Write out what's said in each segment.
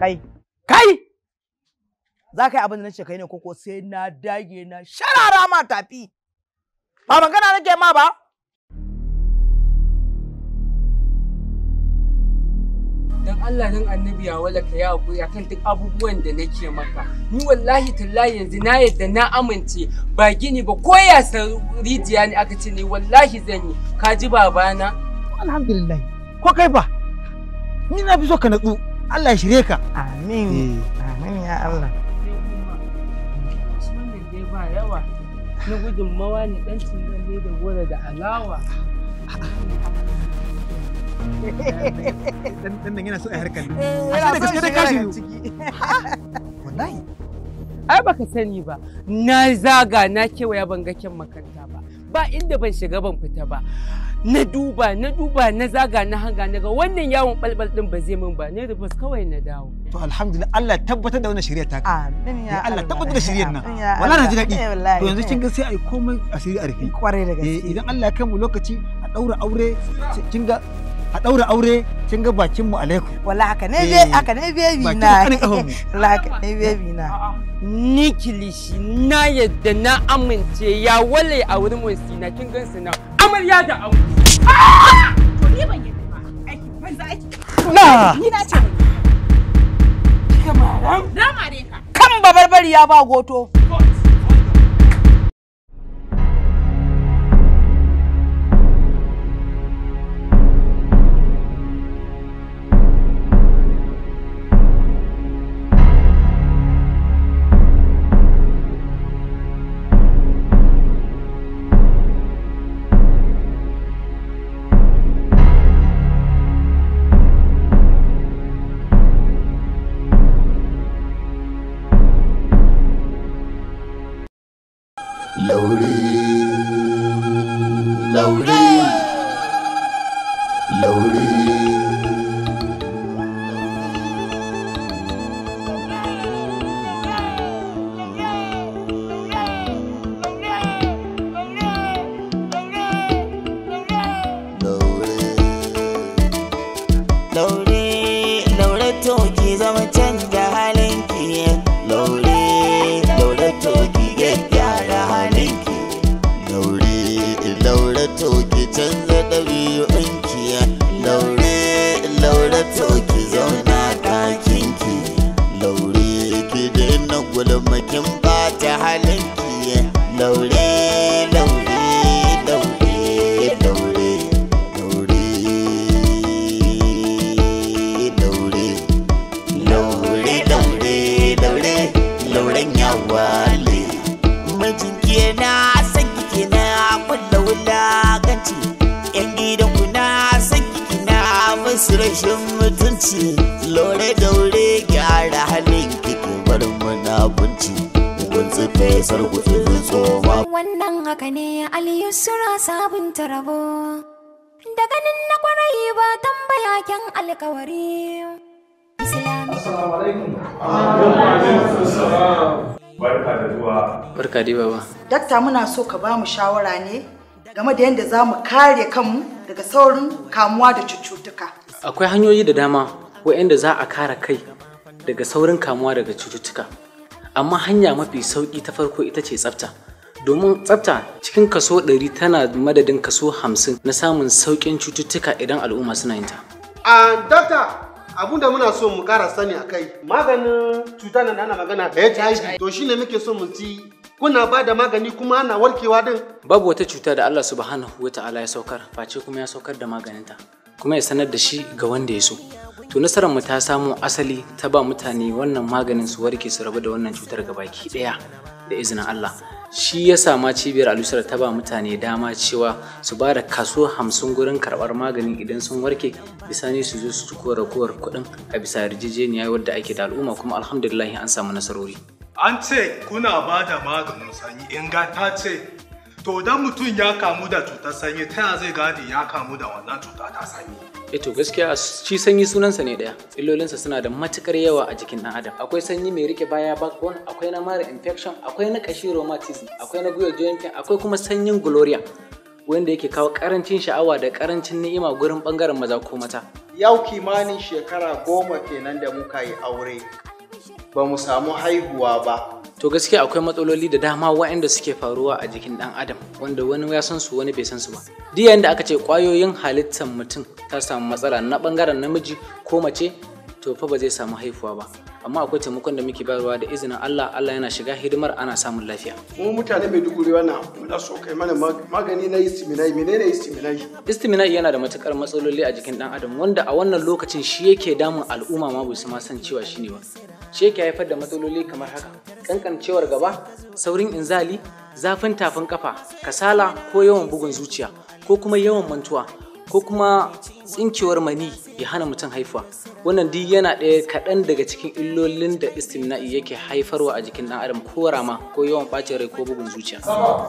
Kai. Kai! Za ka yi abin da na ce kai ne ko sai na dage na sharara ma tafi. Ba magana nake ma ba? dan Allah dan annabi ya wala ka ya ya kan duk abubuwan da nake maka ni wallahi tallahi yanzu na yadda na amince ba gini ba ko ya san rijiya ne aka ce ni wallahi zan yi ka ji babana alhamdulillah ko kai ba ni na bi so ka natsu Allah ya shirye ka amin eh. amin ya Allah ne da gora da alawa dan nan yana so a harkar ne eh, baka sani ba na zaga na ban ga ba ba inda ban shiga ban fita ba na duba na duba na zaga na hanga na ga wannan yawon balbal din ba zai min ba ne rufus kawai na dawo to alhamdulillah Allah ya tabbatar da wannan shari'a ta amin ya Allah tabbatar da shari'ar nan wallahi na ji daɗi eh, to yanzu kin ga sai ai komai asiri a rufe kwarai da eh, gaske idan Allah ya kai mu lokaci a daura aure kin ga a daura aure kin ga bakin mu alaikum wala haka ne je eh, haka ne baby na wala haka ne baby na ni kilishi na yadda na amince ya wale a wurin mun sina kin gan sina amarya da aure to ni ban yadda ba aiki banza aiki na ni na ce kamaran dama dai ka kan babarbari ya ba goto dakta muna so ka bamu shawara ne game da yadda za mu kare kanmu daga saurin kamuwa da cututtuka. Akwai hanyoyi da dama waɗanda za a kare kai daga saurin kamuwa daga cututtuka. Amma hanya mafi sauki ta farko ita ce tsafta. Domin tsafta cikin kaso ɗari tana madadin kaso hamsin na samun sauƙin cututtuka idan al'umma suna yin ta. A da muna so mu kara sani a kai maganin cutar nan ana magana HIV to shine muke so mu ci kuna ba da magani kuma ana warkewa din babu wata cuta da Allah subhanahu wata'ala ya saukar face kuma ya saukar da maganinta kuma ya sanar da shi ga wanda ya so to nasarar mu ta samu asali ta ba mutane wannan maganin su warke su rabu da wannan cutar gabaki daya da izinin Allah shi ya sama cibiyar alusar ta ba mutane dama cewa su ba da kaso hamsin gurin karɓar maganin idan sun warke ne su zo su ci ragowar kuɗin a bisa yarjejeniya wadda ake da al'umma kuma alhamdulillah an samu nasarori an ce kuna ba da maganin sanyi inga ta ce to dan mutum ya kamu da cutar sanyi ta zai gane ya kamu da wannan cuta ta sanyi e gaskiya shi sanyi sunansa ne daya illolinsa suna da matukar yawa a jikin dan adam akwai sanyi mai rike baya backbone akwai na mara infection akwai na kashi rheumatism akwai na guyar joint pain akwai kuma sanyin gloria wanda yake kawo karancin sha'awa da karancin ni'ima gurin bangaren maza ko mata yau kimanin shekara goma kenan da muka yi aure ba mu samu haihuwa ba to gaske akwai matsaloli da dama waɗanda suke faruwa a jikin ɗan adam wanda wani ya san su wani bai san su ba duk yayin da aka ce ƙwayoyin halittar mutum ta samu matsala na ɓangaren namiji ko mace to fa ba zai samu haifuwa ba amma akwai taimakon da muke bayarwa da izinin Allah Allah yana shiga hidimar ana samun lafiya mu mutane mai duguri wannan da so kai mana magani na istiminai menene istiminai istiminai yana da matukar matsaloli a jikin dan adam wanda a wannan lokacin shi yake damun al'umma ma su ma san cewa shine ba shi yake haifar da matsaloli kamar haka kankancewar gaba saurin inzali zafin tafin kafa kasala ko yawan bugun zuciya ko kuma yawan mantuwa ko kuma tsinkewar mani ya hana mutum haifuwa wannan duk yana ɗaya kaɗan daga cikin illolin da istimna'i yake haifarwa a jikin ɗan adam ko rama ko yawan ɓacin rai ko bugun zuciya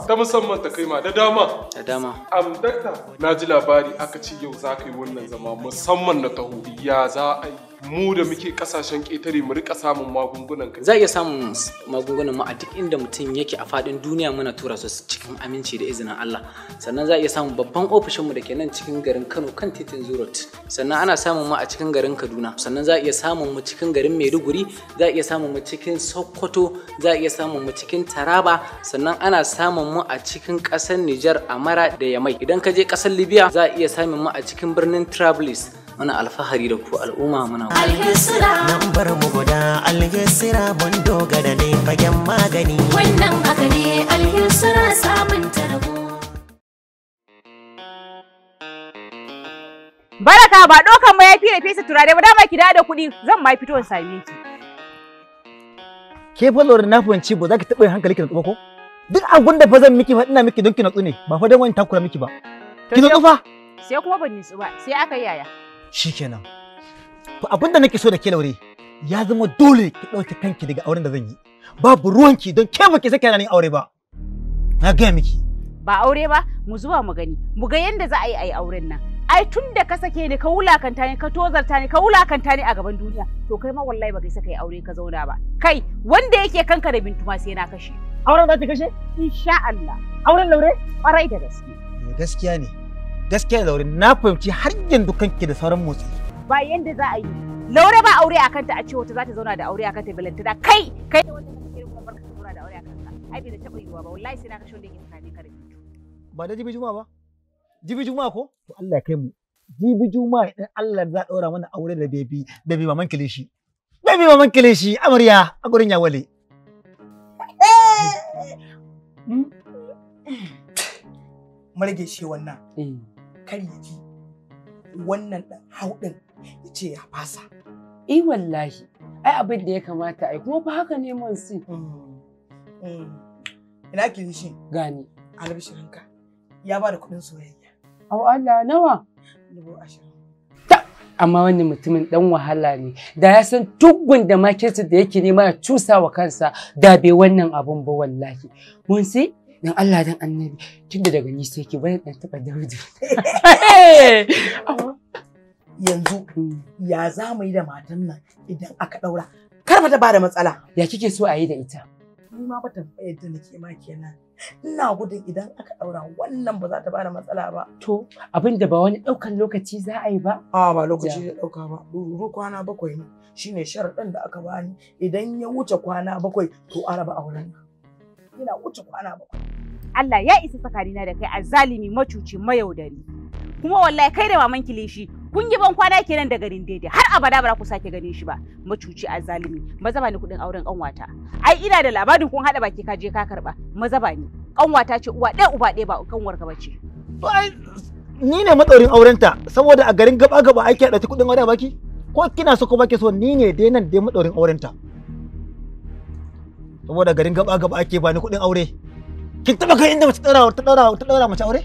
ta musamman ta kai ma da dama da dama am dakta na ji labari aka ce yau za ka yi wannan zama musamman na taho ya za a yi mu da muke kasashen ƙetare mu rika samun magungunan kai za a iya samun magungunan mu a duk inda mutum yake a fadin duniya muna tura su cikin aminci da izinin Allah sannan za a iya samun babban ofishin mu da ke nan cikin garin Kano kan titin Road sannan ana samun mu a cikin garin Kaduna sannan za a iya samun mu cikin garin Maiduguri za a iya samun mu cikin Sokoto za a iya samun mu cikin Taraba sannan ana samun mu a cikin ƙasar Nijar Amara da Yamai idan ka je ƙasar Libya za a iya samun mu a cikin birnin Trablis muna alfahari da ku al'umma muna nan bar mu guda alhisira bando dogara ne fagen magani wannan haka ne alhisira samun Baraka ba ɗaukan ma yafi da fesa turare ba dama ki da kuɗi zan ma fito in same ki. Ke fa lura na fahimci ba za ki taɓa yin hankali ki natsu ko? Duk abun da fa zan miki fa ina miki don ki natsu ne ba fa dan wani takura miki ba. Ki natsu fa. Sai kuma ban nutsu ba sai aka yi yaya. Shikenan. To abin da nake so da ke laure ya zama dole ki ɗauki kanki daga auren da zan yi. Babu ruwanki don ke ba ki sake ranar aure ba. Na gaya miki. Ba aure ba mu zuwa mu gani mu ga yadda za a yi a yi auren nan. ai tun da ka sake ni ka wulakanta ni ka tozarta ni ka wulakanta ni a gaban duniya to kai ma wallahi ba kai sai kai aure ka zauna ba kai wanda yake kanka da bintu ma sai na kashe auren za ta kashe insha Allah auren laure kwarai da gaske eh, gaskiya ne gaskiya laure na fahimci har yanzu kanki da sauran motsi ba yanda za a yi laure ba aure a kanta a ce wata za ta zauna da aure a kanta balanta da kai kai da wanda kake kuma barka zauna da aure a kanta ai bai da taba yiwa ba wallahi sai na kashe wanda yake tsakanin ka da bintu ba da jibi juma ba jibi juma ko to Allah ya kai mu jibi juma idan Allah za daura mana aure da baby baby maman kilishi baby maman kilishi amarya a gurin ya wale marge shi wannan eh. kan yaji ji wannan dan haudin ya ya fasa eh wallahi ai abin da ya kamata ai kuma fa haka ne mun si mm. Mm. ina kilishi gani albishirinka ya ba da kuɗin soyayya Au Allah nawa? Dubu Amma wani mutumin ɗan wahala ne, da ya san tugun da makinsa da yake nema ya cusa wa kansa da bai wannan abun ba wallahi. Mun sai dan Allah dan annabi tunda daga ni sai ki bari dan taba daudu. Yanzu mm. ya za mu yi da matan nan idan aka ɗaura? kar ta ba da matsala. Ya kike so a yi da ita? Ni ma ba ta nake ma kenan. ina gudun idan aka daura wannan ba za ta bani matsala ba to abin da ba wani daukan lokaci za a yi ba a ba lokaci da dauka ba ruru kwana bakwai ne shine sharaɗin da aka bani idan ya wuce kwana bakwai to a raba auren ina wuce kwana bakwai Allah ya isa na da kai a zalimi macuci mayaudari kuma wallahi kai da maman kilishi kun yi ban kwana kenan da garin daidai har abada ba ku sake ganin shi ba macuci azalimi maza ba ni kudin auren kanwata ai ina da labarin kun hada baki ka je ka karba maza ba ni kanwata ce uwa ɗaya uba ɗaya ba kanwar ka bace to ai ni ne matsaurin aurenta saboda a garin gaba gaba ake hada kudin auren baki ko kina so ko baki so ni ne dai nan dai matsaurin aurenta saboda garin gaba gaba ake bani kudin aure kin taba kai inda mace ta daura ta daura ta daura mace aure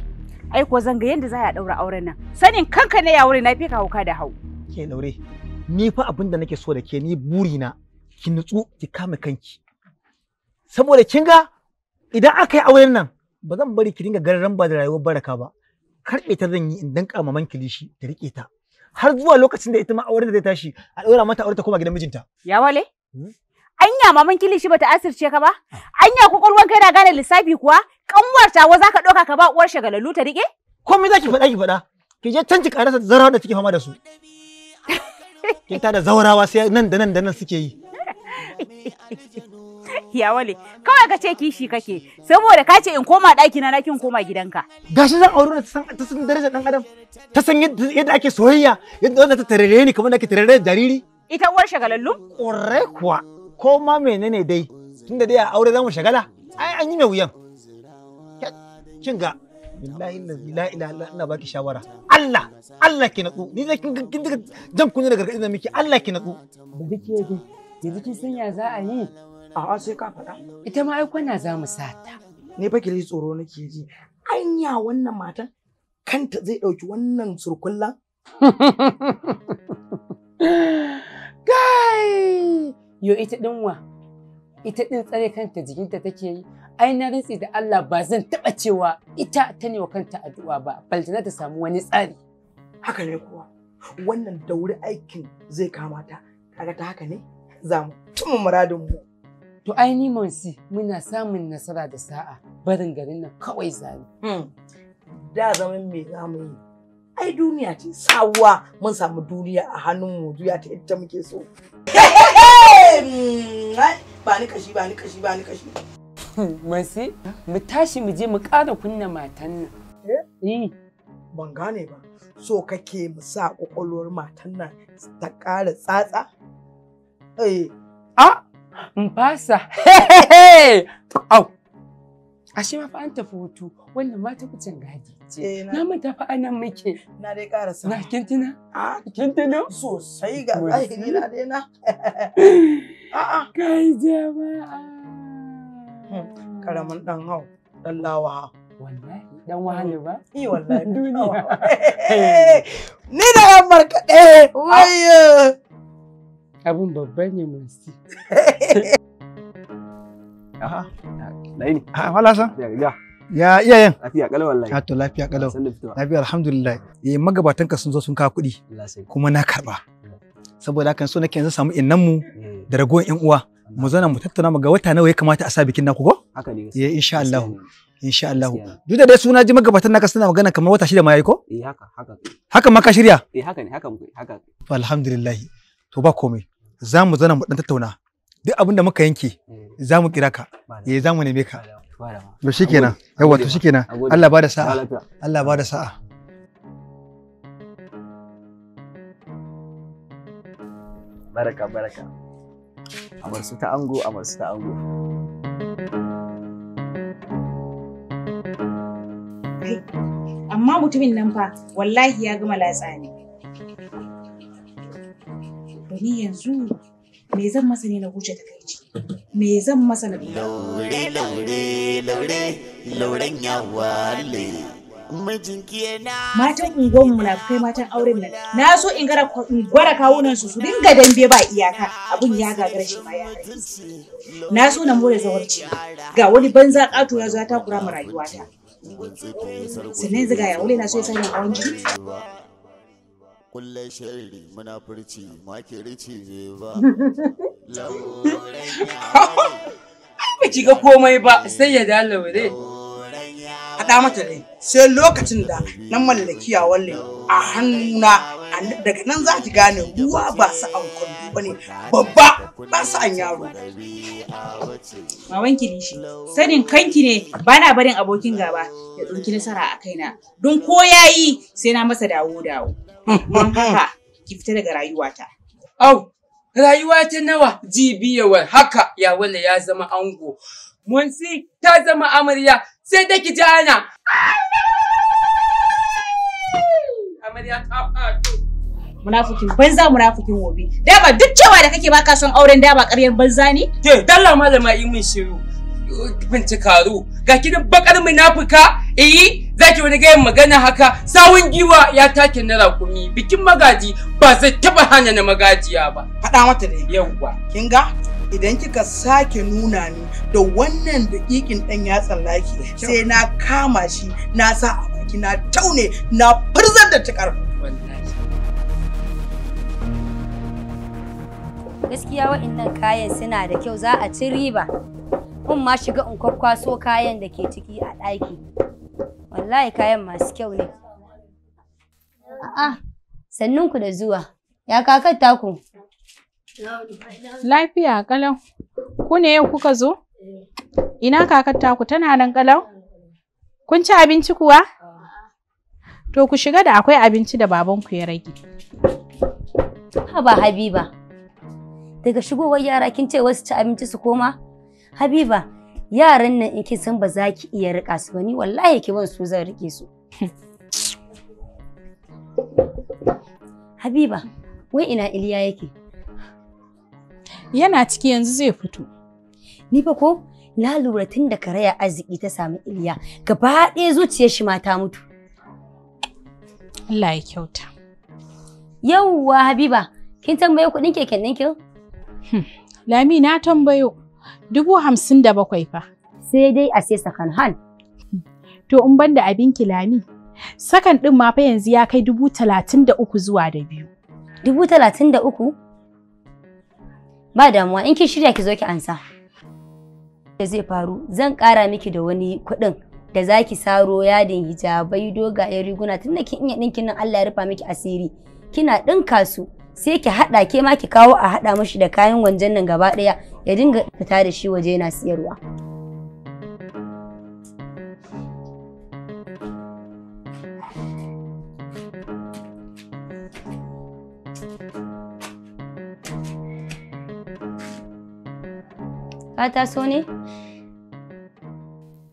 ai ko zan ga yadda za a daura auren nan sanin kanka ne ya wuri na fi ka hauka da hau ke daure ni fa abin da nake so da ke ni buri na ki nutsu ki kama kanki saboda kin ga idan aka yi auren nan ba zan bari ki dinga garin ba da rayuwar baraka ba karbe ta zan yi in kama maman kilishi ta rike ta har zuwa lokacin da ita ma auren da zai tashi a daura mata aure ta koma gidan mijinta ya wale hmm? anya maman kilishi bata asirce ka ba ah. anya kokolwan kai na gane lissafi kuwa kanwar tawa zaka ɗauka ka ba uwar shagalalu ta rike me zaki faɗa ki faɗa ki je can karasa da zarawa da take fama da su kin da zaurawa sai nan da nan da nan suke yi ya wale kawai ka ce kishi kake saboda ka ce in koma ɗaki na kin koma gidanka gashi zan aure ta san ta san darajar dan adam ta san yadda ake soyayya yadda wanda ta tarare ni kamar nake tarare da jariri ita uwar shagalallu ƙurai kuwa ko ma menene dai da dai a aure zamu shagala ai an yi mai wuyan kin ga billahi la ilaha illa ina baki shawara Allah Allah ki natsu ni zai kin daga jan kunya da gargadin da miki Allah ki natsu da kike ji yanzu kin san ya za a yi a'a sai ka faɗa ita ma ai kwana za mu sata ne fa kili tsoro nake ji anya wannan matan kanta zai ɗauki wannan surkullan kai yo ita din wa ita din tsare kanta jikinta take yi ai na rantsi da Allah ba zan taba cewa ita ta ne wa kanta addu'a ba baltana ta samu wani tsari haka ne kuwa wannan da wuri aikin zai kamata kaga ta haka ne za mu tumu muradin mu to ai ni monsi muna samun nasara da sa'a barin garin nan kawai zani hmm. da zaman me za mu yi ai duniya ce sawuwa mun samu duniya a hannun mu duniya ta ita muke so Mm, ba ni kashi ba ni kashi ba ni kashi masi mu tashi mu je mu ƙara kunna matan nan eh? eh ban gane ba so kake mu sa ƙwaƙwalwar matan nan ta ƙara tsatsa eh ah, a in au Ashe ma fa an tafi hutu wannan ma ta kucin gadi ce. Eh, na mun tafi anan muke. Na dai ƙara sa. Na kin tuna? A kin tuna? Sosai ga zahiri na dai na. a a Kai jama'a. Karamin hmm, dan hau, dan lawa Wallahi dan wahala ba? Eh wallahi. Duniya. Ni da yan markade Wayo. Abun babban ne mun si. Aha. Ah, wala san. Ya Ya iyayen. Lafiya kalau wallahi. Ha lafiya kalau. Lafiya alhamdulillah. Eh magabatan ka sun zo sun kawo kuɗi. Kuma na karba. Mm. Saboda hakan so nake yanzu samu innan mu mm. da ragowar ƴan uwa. Mu zauna mu tattauna mu ga wata nawa ya kamata a sa bikin naku ko? Haka ne. Eh insha Allah. insha Allah duk da dai suna ji magabatan naka suna magana kamar wata shida ma yayi ko eh haka haka haka ma ka shirya eh haka ne haka muke haka alhamdulillah to ba komai za mu zana mu dan tattauna duk abin da muka yanke mm. za mu kira ka ya eh, za mu neme ka to shikenan yawa to shikenan Allah ba da sa'a Allah ba da sa'a baraka baraka amar su ta ango amar su ta ango amma mutumin nan fa wallahi ya gama latsa ne. ni yanzu me zan masa ne na huce ta kai ciki me zan masa na laure laure laure lauren ya wale matan unguwan kai matan auren nan na so in gara gwara kawunan su su dinga dambe ba iyaka abun ya gagara shi ma ya na so na more zawarci ga wani banza kato ya zo ta kura mu rayuwata sannan ziga ya wule na so ya sanya hawan jini kulle shari munafurci makirci ne ba ba ki ga komai ba sai ya dalawa dai haɗa mata dai sai lokacin da na mallaki yawon a hannuna daga nan za ki gane ruwa ba su an kwallo ba ne babba ba su an yaro. Maman ki shi sanin kanki ne ba na barin abokin gaba ya ɗauki nasara a kaina don ko ya yi sai na masa dawo dawo. Don haka ki fita daga rayuwata. Au, rayuwa ta nawa jibiyawar haka ya wanda ya zama ango. Munsi ta zama amarya sai ta ki jana. Amarya ta fato. munafikin banza munafikin wobe dama duk cewa da kake baka son auren dama ƙaryar banza ne ke dalla malama yi min shiru binci karu ga kidan bakar munafuka eh zaki wani gayin magana haka sawun giwa ya take na rakumi bikin magaji ba zai taba hanya na magajiya ba faɗa mata da yawwa kin ga idan kika sake nuna ni da wannan daƙiƙin dan yatsan tsallaki sai na kama shi na sa a baki na taune na furzar da ta gaskiya wa'annan kayan suna da kyau za a ci riba in ma shiga in kwakwaso kayan da ke ciki a ɗaki wallahi kayan masu kyau ne a'a sannun ku da zuwa ya kakar taku lafiya kalau ku ne yau kuka zo ina kakar taku tana nan kalau kun ci abinci kuwa to ku shiga da akwai abinci da babanku ya rage haba habiba daga shigowar yara kin ce wasu ci abinci su koma habiba yaran nan in kin san ba za ki iya rika su ba ni wallahi ki ban su zan rike su habiba wai ina iliya yake yana ciki yanzu zai fito ni fa ko na lura tun da karaya arziki ta samu iliya gaba ɗaya zuciyar shi mata mutu Allah ya kyauta yauwa habiba kin tambaye kuɗin keken ɗinkin Lami na tambayo dubu hamsin da bakwai fa. Sai dai a sai sakan han. To in ban da abinki Lami, sakan ɗin ma fa yanzu ya kai dubu talatin da uku zuwa da biyu. Dubu talatin da uku? Ba damuwa in kin shirya ki zo ki ansa. Da zai faru zan ƙara miki da wani kuɗin da za ki saro yadin hijabai dogayen riguna tunda kin iya ɗinkin nan Allah ya rufa miki asiri. Kina ɗinka su sai ki haɗa ke ma ki kawo a haɗa mashi da kayan wanjan nan gaba ɗaya ya dinga fita da shi waje yana siyarwa. Ka taso ne?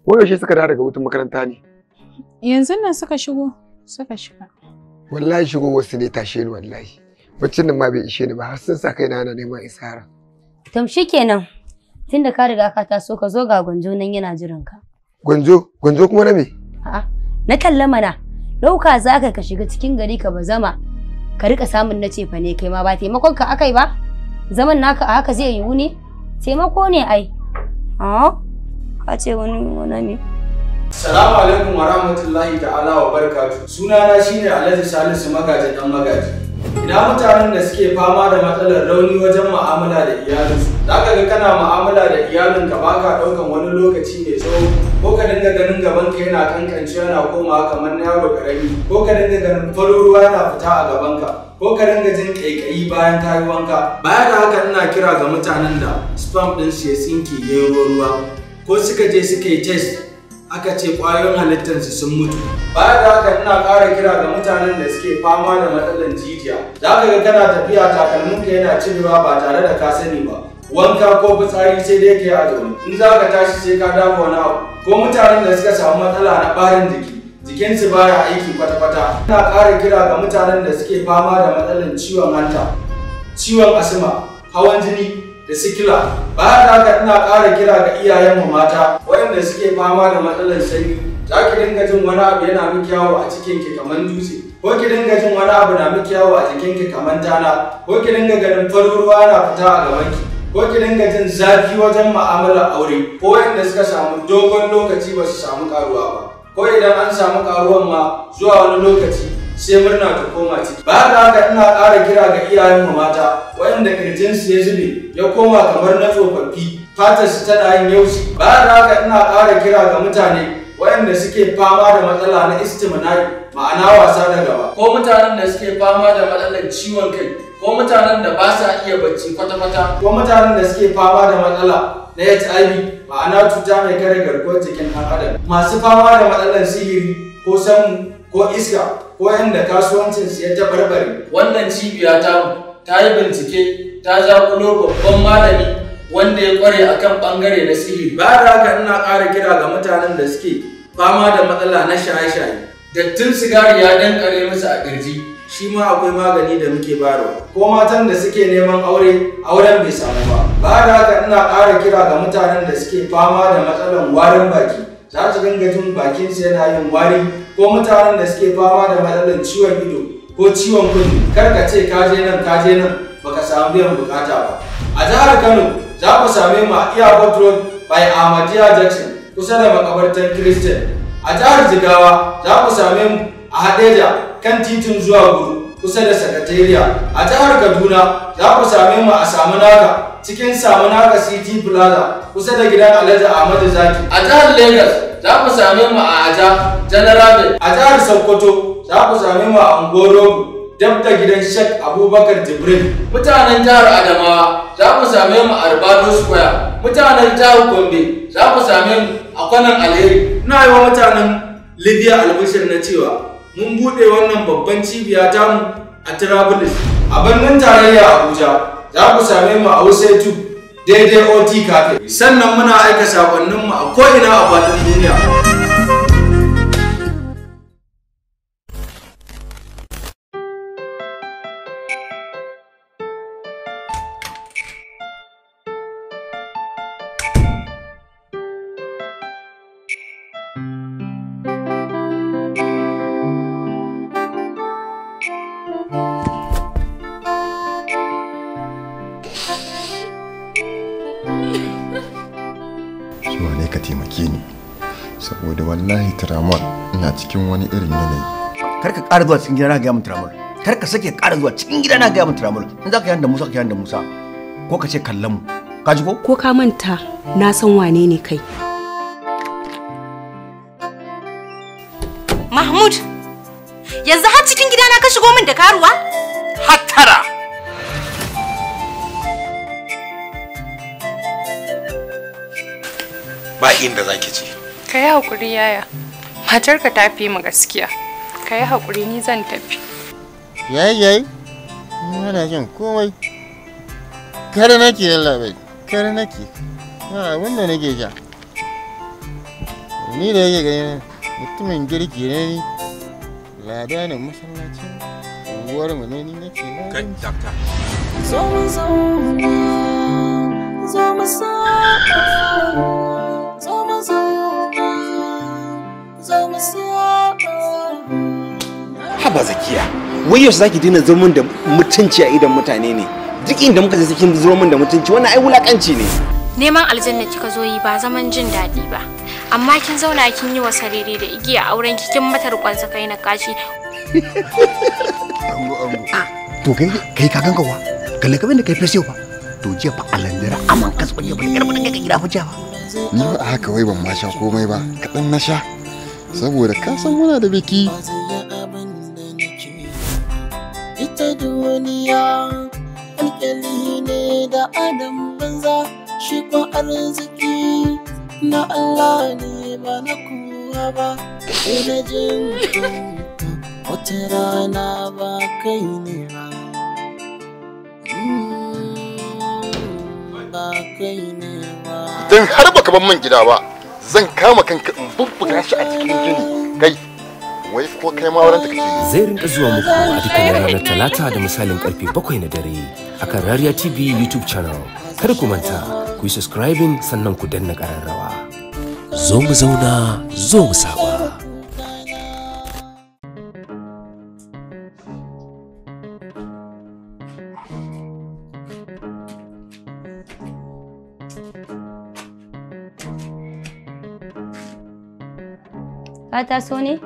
Koyaushe suka dawo daga hutun makaranta ne? Yanzu nan suka shigo, suka shiga. Wallahi shigo wasu ne tashe ni wallahi. baccin nan ma bai ishe ni ba har sun sa kai na ana neman isara tam shikenan tunda ka riga ka taso ka zo ga gwanjo nan yana jiran ka gwanjo gwanjo kuma na me a'a na kalla mana dauka za ka shiga cikin gari ka bazama ka rika samun na cefa ne kai ma ba taimakon ka akai ba zaman naka a haka zai yiwu ne taimako ne ai a ka ce wani wani me Salamu alaikum wa rahmatullahi ta'ala wa barakatuh sunana shine Alhaji Salisu magajin dan magaji Ina mutanen da suke fama da matsalar rauni wajen mu'amala da iyalinsu. Za ka ga kana mu'amala da iyalinka ba ka ɗaukan wani lokaci mai tsawo ko ka dinga ganin ka yana kankance yana komawa kamar na yaro ƙarami ko ka dinga ganin farin yana fita a gaban ka. ko ka dinga jin kaikayi bayan ta yi wanka Bayan da haka ina kira ga mutanen da spam ɗin su ya sinke gero ruwa ko suka je suka yi test aka ce ƙwayoyin halittarsu sun mutu. Baya da haka ina ƙara kira ga mutanen da suke fama da matsalar jijiya. Za ka ga kana tafiya takalminka yana cirewa ba tare da ka sani ba. Wanka ko fitsari sai dai ka yi a zaune. In za ka tashi sai ka dafa wani abu. Ko mutanen da suka samu matsala na ɓarin jiki. Jikinsu baya aiki kwata-kwata. Ina ƙara kira ga mutanen da suke fama da matsalar ciwon hanta, ciwon asma, hawan jini, da sikila bayan haka ina ƙara kira ga iyayenmu mata waɗanda suke fama da matsalar sanyi za ki dinga jin wani abu yana miki yawo a cikinki kamar dutse ko ki dinga jin wani abu na miki yawo a jikinki kamar tana ko ki dinga ganin farin ruwa na fita a ki ko ki dinga jin zafi wajen ma'amalar aure ko waɗanda suka samu dogon lokaci ba su samu karuwa ba ko idan an samu karuwan ma zuwa wani lokaci sai murna ta koma ciki. Ba da haka ina ƙara kira ga iyayenmu mata waɗanda kirjinsu ya zube ya koma kamar na tsofaffi su tana yin yaushi. Ba da haka ina ƙara kira ga mutane waɗanda suke fama da matsala na istimnai ma'ana wasa da gaba ko mutanen da suke fama da matsalar ciwon kai ko mutanen da ba sa iya bacci kwata-kwata ko mutanen da suke fama da matsala na HIV ma'ana cuta mai kare garkuwar jikin ɗan adam masu fama da matsalar sihiri ko samu ko iska da kasuwancinsu ya tabarbare. Wannan cibiya ta ta yi bincike ta kulo babban malami wanda ya kware a kan bangare na sihiri. Bayan haka ina ƙara kira ga mutanen da suke fama da matsala na shaye-shaye. Dattin sigari ya dankare musu a ƙirji. Shi ma akwai magani da muke bayarwa. Ko matan da suke neman aure, auren bai samu ba. Bayan haka ina ƙara kira ga mutanen da suke fama da matsalan warin baki. Za su dinga jin bakinsu yana yin wari ko mutanen da suke fama da matsalar ciwon ido ko ciwon kudi kar ka ce ka je nan ka je nan baka samu biyan bukata ba a jihar kano za ku same mu a airport road by ahmadiyya jackson kusa da makabartar christian a jihar jigawa za ku same mu a hadeja kan titin zuwa guru kusa da sakatariya a jihar kaduna za ku same mu a samunaka cikin samunaka city plaza kusa da gidan alhaji ahmadu zaki a jihar lagos za ku same mu a aja general a jihar sokoto za ku same mu a angorogu dab da gidan shek abubakar jibril mutanen jihar adamawa za ku same mu a ribado square mutanen jihar gombe za ku same mu a kwanan alheri na yi wa mutanen libya albishir na cewa mun buɗe wannan babban cibiya tamu a travelers a birnin tarayya abuja za ku same mu a wuse daidai ot kafin sannan muna aika sakonninmu a ko'ina a faɗin duniya tramol ina cikin wani irin yanayi kar ka ƙara zuwa cikin gida na gaya min tramol kar ka sake ƙara zuwa cikin gida na gaya min tramol in za ka yanda musa ka yanda musa ko ka ce kallon mu ka ji ko ko ka manta na san wane ne kai Mahmud yanzu har cikin gida na ka shigo min da karuwa hattara ba inda zaki ce ka yi hakuri yaya matarka ta fi mu gaskiya ka yi haƙuri ni zan tafi yayi yayi mana jin komai kare nake lallaɓai kare nake ba abin da nake ja ni da yake gani mutumin girki ne ni lada ne masallacin uwar mu ne ni nake na kai dakta zo mu mu zo mu sa'a haba zakiya wai yaushe zaki dina zurmin da mutunci a idan mutane ne duk inda muka je cikin zurmin da mutunci wannan ai wulakanci ne neman aljanna kika zo yi ba zaman jin daɗi ba amma kin zauna kin yi wa sarere da igiya auren ki kin matar kwansa kai na kashi ango ango ah. to kai kai ka ganka wa kalle kaman da kai fesiyo ba to jiya fa alandira aman kasu ya ba yar mun ga gida fa jiya ba ni ba haka wai ban ma sha komai ba kadan na sha saboda ka san muna da biki ita duniya alƙali ne da adam banza shi arziki na Allah ne ba na kowa ba ina jin wata rana ba kai ne ba mm, ba kai ne ba don har baka ban man gida ba zan kama kanka in bubbuga shi a cikin gini kai wai ko kai ma wurin kake zai rinka zuwa muku a dukkan ranar talata da misalin karfe 7 na dare akan Rariya TV YouTube channel kar ku manta ku yi subscribing sannan ku danna kararrawa zo mu zauna zo mu saba fata so ne?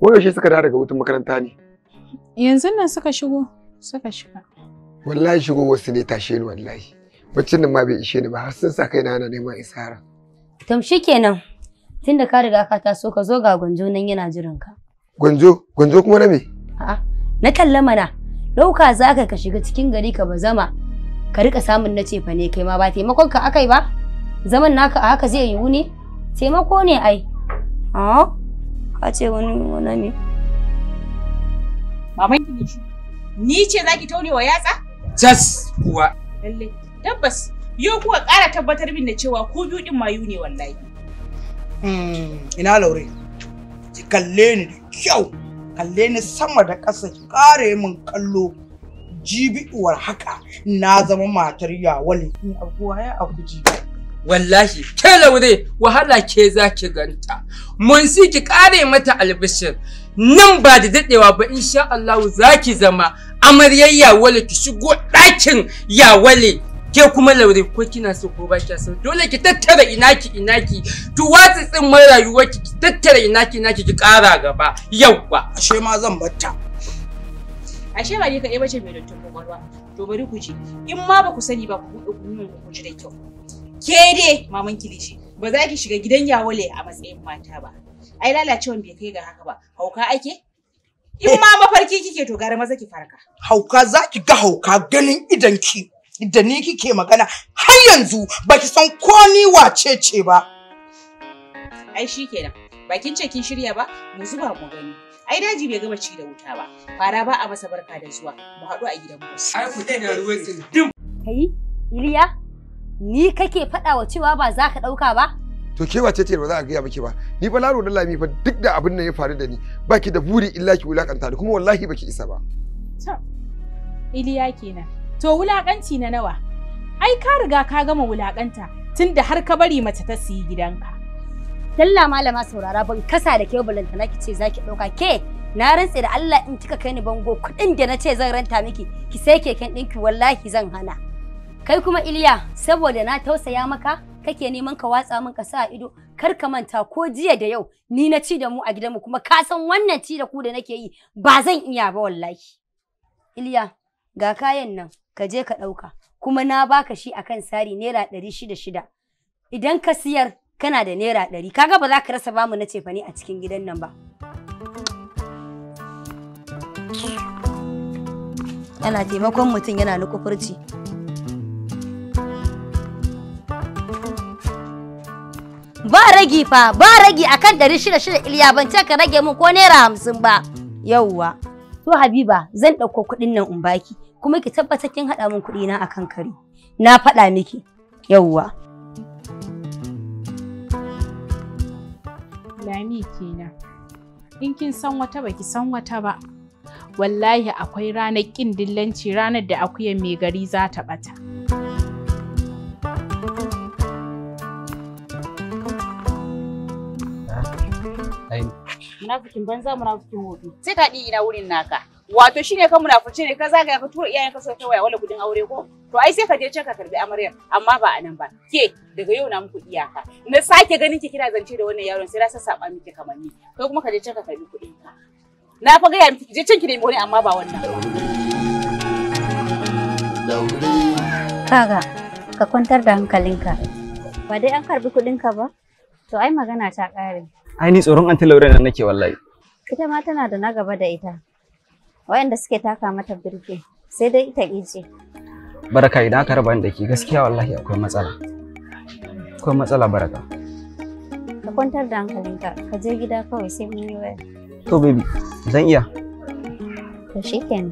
Koyaushe suka dawo daga hutun makaranta ne? Yanzu nan suka shigo, suka shiga. Wallahi shigo wasu ne tashe ni wallahi. Baccin nan ma bai ishe ni ba har sun sa kai na neman isara. Tamshi kenan. Tunda ka riga ka taso ka zo ga gwanjo nan yana jiran ka. Gwanjo, gwanjo kuma na me? A'a, na kalla mana. Dauka za ka ka shiga cikin gari ka bazama. Ka rika samun na cefa ne kai ma ba taimakon ka akai ba? Zaman naka a haka zai yiwu ne? Taimako ne ai. Ha? Ka ce wani wani ne. Maman ki Ni ce za ki taune wa yatsa? Jas kuwa. Lalle. Tabbas. Yau kuwa ƙara tabbatar min da cewa ku biyu ɗin mayu ne wallahi. Hmm, ina laure. Ki kalle ni da kyau. Kalle ni sama da ƙasa ki ƙare min kallo. Jibi uwar haka na zama matar yawale. Ni abuwa ya abu jibi. wallahi ke laure wahala ke za ki ganta mun si ki kare mata albishir nan ba da dadewa ba insha Allah za ki zama amaryar yawale ki shigo ɗakin yawale ke kuma laure ko kina so ko ba kya so dole ki tattara inaki inaki to watsi tsin mai rayuwar ki ki tattara inaki inaki ki kara gaba yawwa ashe ma zan batta ashe ba ni kaɗai bace mai dattin kwakwalwa to bari ku ji in ma ba ku sani ba ku buɗe kunnuwan ku ji da kyau ke dai maman kilishi ba za ki shiga gidan yawale a matsayin mata ba ai lalacewan bai kai ga haka ba hauka ake in ma mafarki kike to gara maza ki farka hauka za ki ga hauka ganin idan ki da ni kike magana har yanzu Ba ki san ko ni wace ce ba ai ba kin ce kin shirya ba mu zuba mu gani ai daji bai gama ci da wuta ba fara ba a masa barka da zuwa mu haɗu a gidan mu ai ku da ruwan din kai iliya ni kake faɗa wa cewa ba za ka ɗauka ba? To ke wace ce ba za a gaya miki ba, ni fa laro lami fa duk da abin da ya faru da ni baki da buri illa ki wulakanta da kuma wallahi baki isa ba. To, Iliya kenan. To wulakanci na nawa? Ai ka riga ka gama wulakanta tunda har ka bari mace ta siyi gidanka. Dalla malama saurara ban kasa da ke balanta na ce za ki ɗauka ke na rantse da Allah in kika kai ni bango kuɗin da na ce zan ranta miki ki sai keken ɗinki wallahi zan hana. Kai kuma Iliya, saboda na tausaya maka, kake neman ka watsa min ka sa ido, kar ka manta ko jiya da yau ni na ci da mu a gidanmu kuma ka san wannan ci da ku da nake yi ba zan iya ba wallahi. Iliya, ga kayan nan ka je ka ɗauka, kuma na baka shi akan sari naira ɗari shida shida. Idan ka siyar kana da naira ɗari, kaga ba za ka rasa bamu na cefane a cikin gidan nan ba. Ana taimakon mutum yana nukufurci. ba ragi fa ba ragi akan ɗari shida shida iliya ban ce ka rage mun ko naira hamsin ba yauwa to habiba zan ɗauko kuɗin nan in baki kuma ki tabbata kin haɗa min kuɗi na akan kari na faɗa miki yauwa lami kenan in kin san wata baki san wata ba wallahi akwai ranar ƙin dillanci ranar da akuyan mai gari za ta ɓata. munafikin banza munafukin hoto sai ka ɗi ina wurin naka wato shine ka munafurci ne ka zagaya ka tura iyayen ka suka kai waya wala gudun aure ko to ai sai ka je can ka karbi amaryar amma ba a nan ba ke daga yau na muku iyaka na sake ganin ki kira zance da wannan yaron sai na saba miki kamanni kai kuma ka je can ka karbi kuɗin ka na fa gaya miki je can ki nemi wani amma ba wannan kaga ka kwantar da hankalinka ba dai an karbi kuɗinka ba to ai magana ta ƙare ai ni tsoron anti laure nan nake wallahi ita ma tana da na gaba da ita wayanda suke taka mata birki sai dai ita kije baraka idan aka raba ni da ke gaskiya wallahi akwai matsala akwai matsala baraka ka kwantar da hankalinka ka je gida kawai sai mun yi waya to baby zan iya to shikenan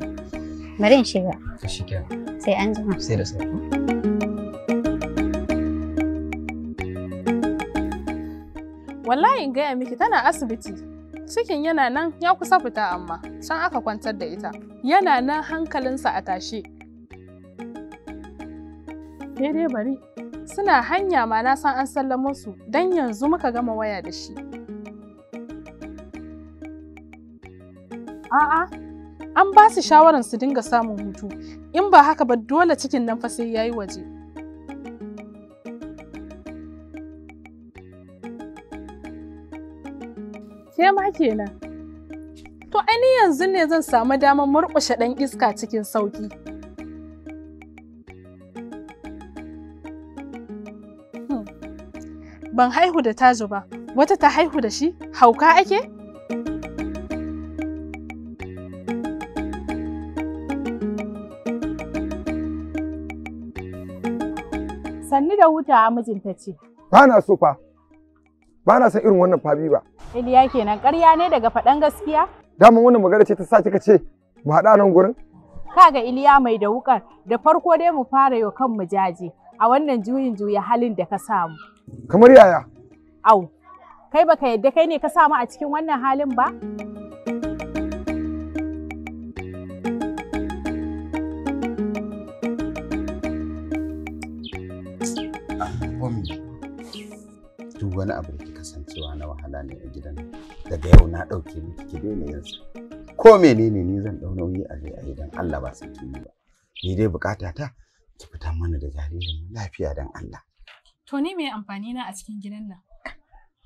bari in shiga to shikenan sai an jima sai da sai Wallahi in gaya miki tana asibiti. Cikin yana nan ya kusa fita amma can aka kwantar da ita. Yana nan hankalinsa a tashe. Daidai bari, suna hanya ma na san an sallamo su don yanzu muka gama waya da shi. A'a, an ba su shawarar su dinga samun hutu, in ba haka ba dole cikin nan fa sai yayi waje. Ke ma kenan. To ani yanzu ne zan samu damar murƙushe ɗan iska cikin sauƙi. Hmm. Ban haihu da taji ba, wata ta haihu da shi, hauka ake? Sanni da hutawa mijinta ce. Ba na so fa. ba na san irin wannan fabi ba Iliya kenan ƙarya ne daga faɗan gaskiya daman wannan magana ce ta sa kika ce mu haɗa nan gurin kaga Iliya mai da wukar da farko dai mu fara yau kan mu jaje a wannan juyin juya halin da ka samu kamar yaya au kai baka yadda kai ne ka samu a cikin wannan halin ba ah, wani abu da cewa na wahala ne a gidan daga yau na ɗauke miki ki daina yanzu ko menene ni zan ɗau nauyi a a Allah ba sai kin ba ni dai bukata ta ki fita mana da jaririn lafiya dan Allah to ni me amfani na a cikin gidan nan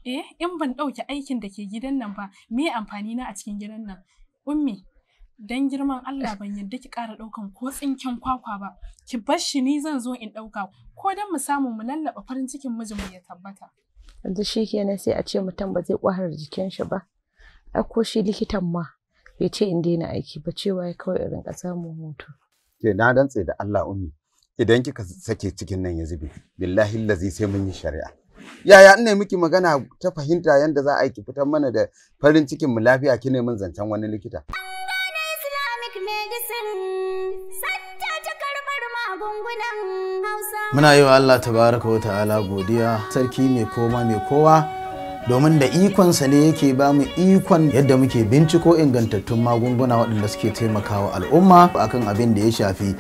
eh in ban ɗauke aikin da ke gidan nan ba me amfani na a cikin gidan nan ummi dan girman Allah ban yadda ki ƙara ɗaukan ko tsinken kwakwa ba ki bar shi ni zan zo in ɗauka ko dan mu samu mu lallaba farin cikin mijinmu ya tabbata yanzu shi kenan sai a ce mutum ba zai kwahar jikin shi ba ai shi likitan ma bai ce in daina aiki ba cewa ya kawai irin ƙasa mu hutu ke na dantse da Allah ummi idan kika sake cikin nan ya zube billahi lazi sai mun yi shari'a yaya in ina miki magana ta fahimta yanda za a yi ki fitar mana da farin cikin mu lafiya ki ne mun zancen wani likita Islamic medicine Muna yi wa Allah tabaraka wa ta'ala godiya sarki mai koma mai kowa domin da ikonsa ne yake ba mu ikon yadda muke binciko ingantattun magunguna waɗanda suke taimakawa al'umma akan abin da ya shafi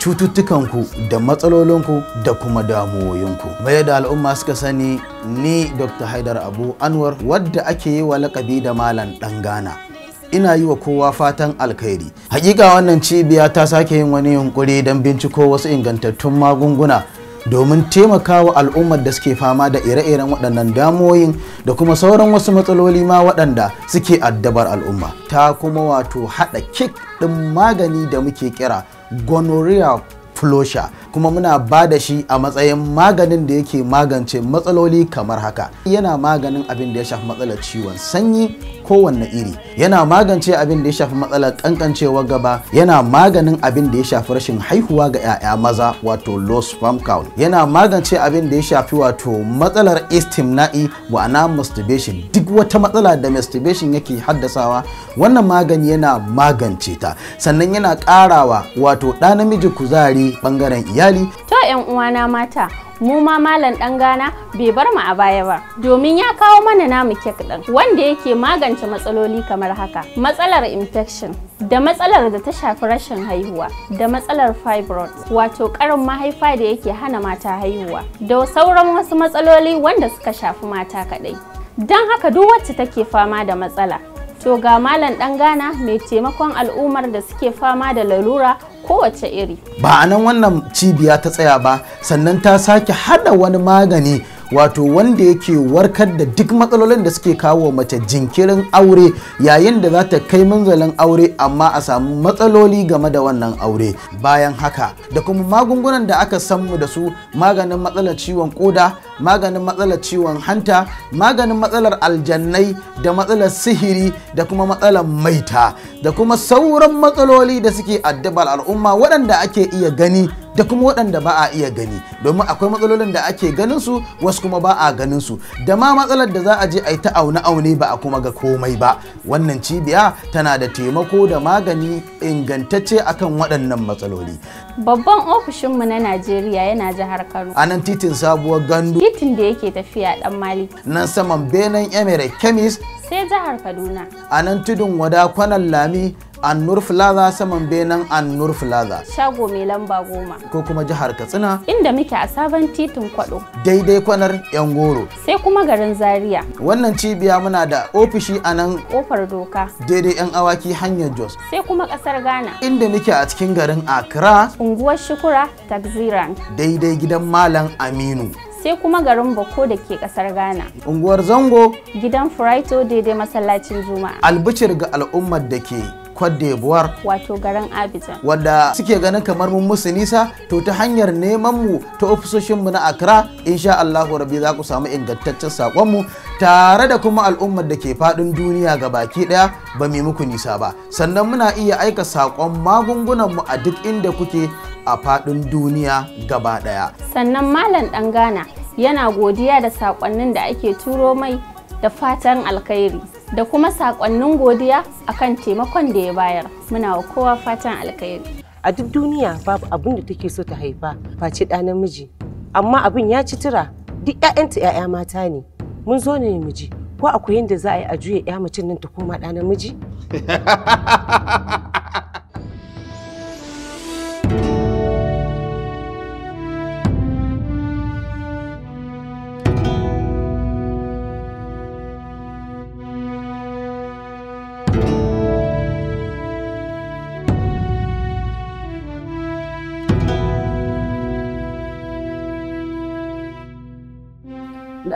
cututtukanku da matsalolinku da kuma damuwoyinku. Mai da al'umma suka sani ni Dr. Haidar Abu Anwar wadda ake yi wa lakabi da Malam Ɗan Ghana. ina yi wa kowa fatan alkhairi hakika wannan cibiya ta sake yin wani yunkuri don binciko wasu ingantattun magunguna domin taimakawa al'ummar da suke fama da ire-iren waɗannan damoyin da kuma sauran wasu matsaloli ma waɗanda suke addabar al'umma ta kuma wato haɗa kik ɗin magani da muke kira gonorrhea flosha kuma muna ba da shi a matsayin maganin da yake magance matsaloli kamar haka yana maganin abin da ya shafi matsalar ciwon sanyi kowanne iri yana magance abin da ya shafi matsalar kankancewar gaba yana maganin abin da ya shafi rashin haihuwa ga 'ya'ya maza wato low sperm count yana magance abin da ya shafi wato matsalar istimna'i ana masturbation duk wata matsala da masturbation yake haddasawa wannan magani yana magance ta sannan yana karawa wato ɗa namiji kuzari bangaren iyali to 'yan uwana mata mu ma malam dan gana bai bar mu a baya ba domin ya kawo mana namu kek din wanda yake magance magance matsaloli kamar haka matsalar infection da matsalar da ta shafi rashin haihuwa da matsalar fibroid wato karin mahaifa da yake hana mata haihuwa da sauran wasu matsaloli wanda suka shafi mata kadai don haka duk wacce take fama da matsala to ga malam dan gana mai taimakon al'ummar da suke fama da lalura kowace iri ba a nan wannan cibiya ta tsaya ba sannan ta sake hada wani magani wato wanda yake warkar da duk matsalolin da suke kawo mace jinkirin aure yayin da za ta kai manzalin aure amma a samu matsaloli game da wannan aure bayan haka da kuma magungunan da aka san mu da su maganin matsalar ciwon koda maganin matsalar ciwon hanta maganin matsalar aljannai da matsalar sihiri da kuma matsalar maita da kuma sauran matsaloli da suke addabar al'umma waɗanda ake iya gani da kuma waɗanda ba a iya gani domin akwai matsalolin da ake ganin su wasu kuma ba a ganin su da ma matsalar da za a je a yi ta aune aune ba a kuma ga komai ba wannan cibiya tana da taimako da magani ingantacce akan waɗannan matsaloli babban ofishinmu na najeriya yana jihar kano a nan titin sabuwar gandu titin da yake tafiya dan mali nan saman benin emirate chemist sai jihar kaduna a nan tudun wada kwanan lami Annur Plaza saman benen Annur Plaza. Shago mai lamba goma. Ko kuma jihar Katsina. Inda muke a sabon titin Kwado. Daidai kwanar Yan Goro. Sai kuma garin Zaria. Wannan cibiya muna da ofishi a nan. Kofar Doka. Daidai Yan Awaki hanyar Jos. Sai kuma ƙasar Ghana. Inda muke a cikin garin Accra. Unguwar Shukura Taxiran. Daidai gidan Malam Aminu. sai kuma garin Bako da ke kasar Ghana. Unguwar Zango. Gidan Furaito daidai masallacin Juma'a. Albicir ga al'ummar da ke kwadde d'Ivoire wato garin Abidjan wanda suke ganin kamar mun musu nisa to ta hanyar neman mu ta ofisoshin mu na Accra insha Allahu rabbi za ku samu ingantaccen sakon mu tare da kuma al'ummar da ke fadin duniya ga baki daya ba mai muku nisa ba sannan muna iya aika sakon magungunan mu a duk inda kuke a fadin duniya gaba daya sannan malam dan Ghana yana godiya da sakonnin da ake turo mai da fatan alkhairi da kuma sakonnin godiya akan taimakon da ya bayar muna wa kowa fatan alkhairi a duk duniya babu abin da take so ta haifa face ɗa namiji amma abin ya ci tura duk 'ya'yanta 'ya'ya mata ne mun zo ne miji ko akwai yadda za a yi a juya ƴa mutum nan ta koma ɗa namiji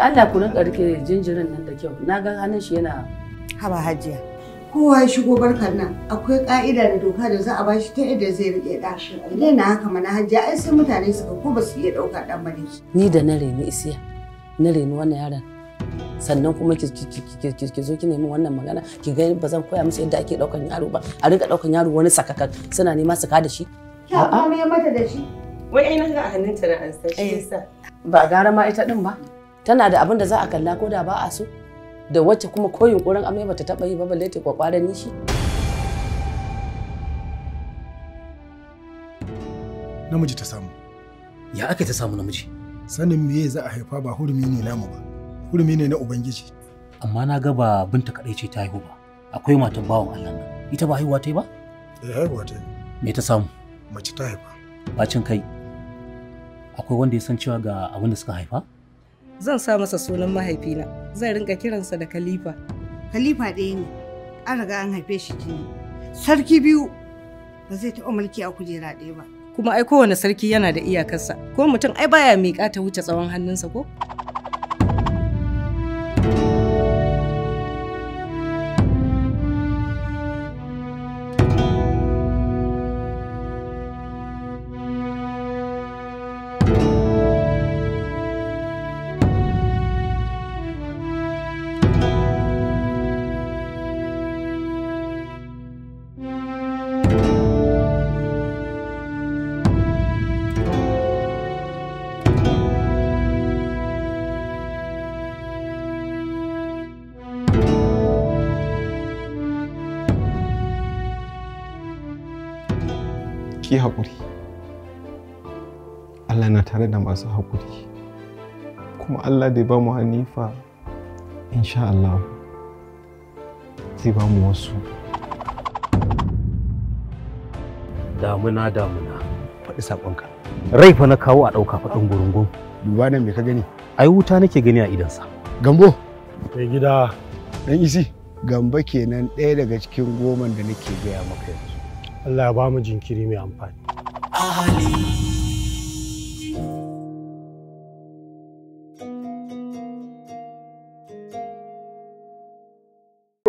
Allah ku rinka rike jinjirin nan da kyau na ga hannun shi yana haba hajiya kowa ya shigo barkar nan akwai ka'ida da doka da za a ba shi ta yadda zai rike dashi ne na haka mana hajiya ai sai mutane suka ko ba su iya dauka dan ba ni da na reni isiya na reni wannan yaron sannan kuma ki zo ki nemi wannan magana ki ga ba zan koya musu yadda ake daukan yaro ba a rinka daukan yaro wani sakakar suna nema su ka da shi ki amma mata da shi wai ai na ga a hannunta na an san shi eh. yasa ba gara ma ita din ba tana da abin da za a kalla ko da ba a so da wacce kuma ko yunkurin amai bata taba yi ba balle ta kwakwaran nishi namiji ta samu ya aka ta samu namiji sanin meye za a haifa ba hurumi ne namu ba hurumi ne na ubangiji amma na ga ba binta kadai ce ta haihu ba akwai matan bawan Allah nan ita ba haihuwa ta yi ba eh haihuwa ta yi me ta samu mace ta haifa bacin kai akwai wanda ya san cewa ga abin da suka haifa zan sa masa sunan mahaifina zan rinka kiransa da khalifa khalifa ɗaya ne an riga an haife shi jini sarki biyu ba zai taɓa mulki a kujera ɗaya ba kuma ai kowane sarki yana da iyakarsa ko mutum ai baya miƙa ta wuce tsawon hannunsa ko haƙuri Allah na tare da masu haƙuri kuma Allah da ba mu hanifa insha Allah zai ba mu wasu damuna damuna faɗi saƙonka rai fa na kawo a ɗauka faɗin gurungun duba nan me ka gani ai wuta nake gani a idansa gambo mai gida dan isi gamba kenan ɗaya daga cikin goman da nake gaya maka yanzu Allah ya ba mu jinkiri mai amfani ahali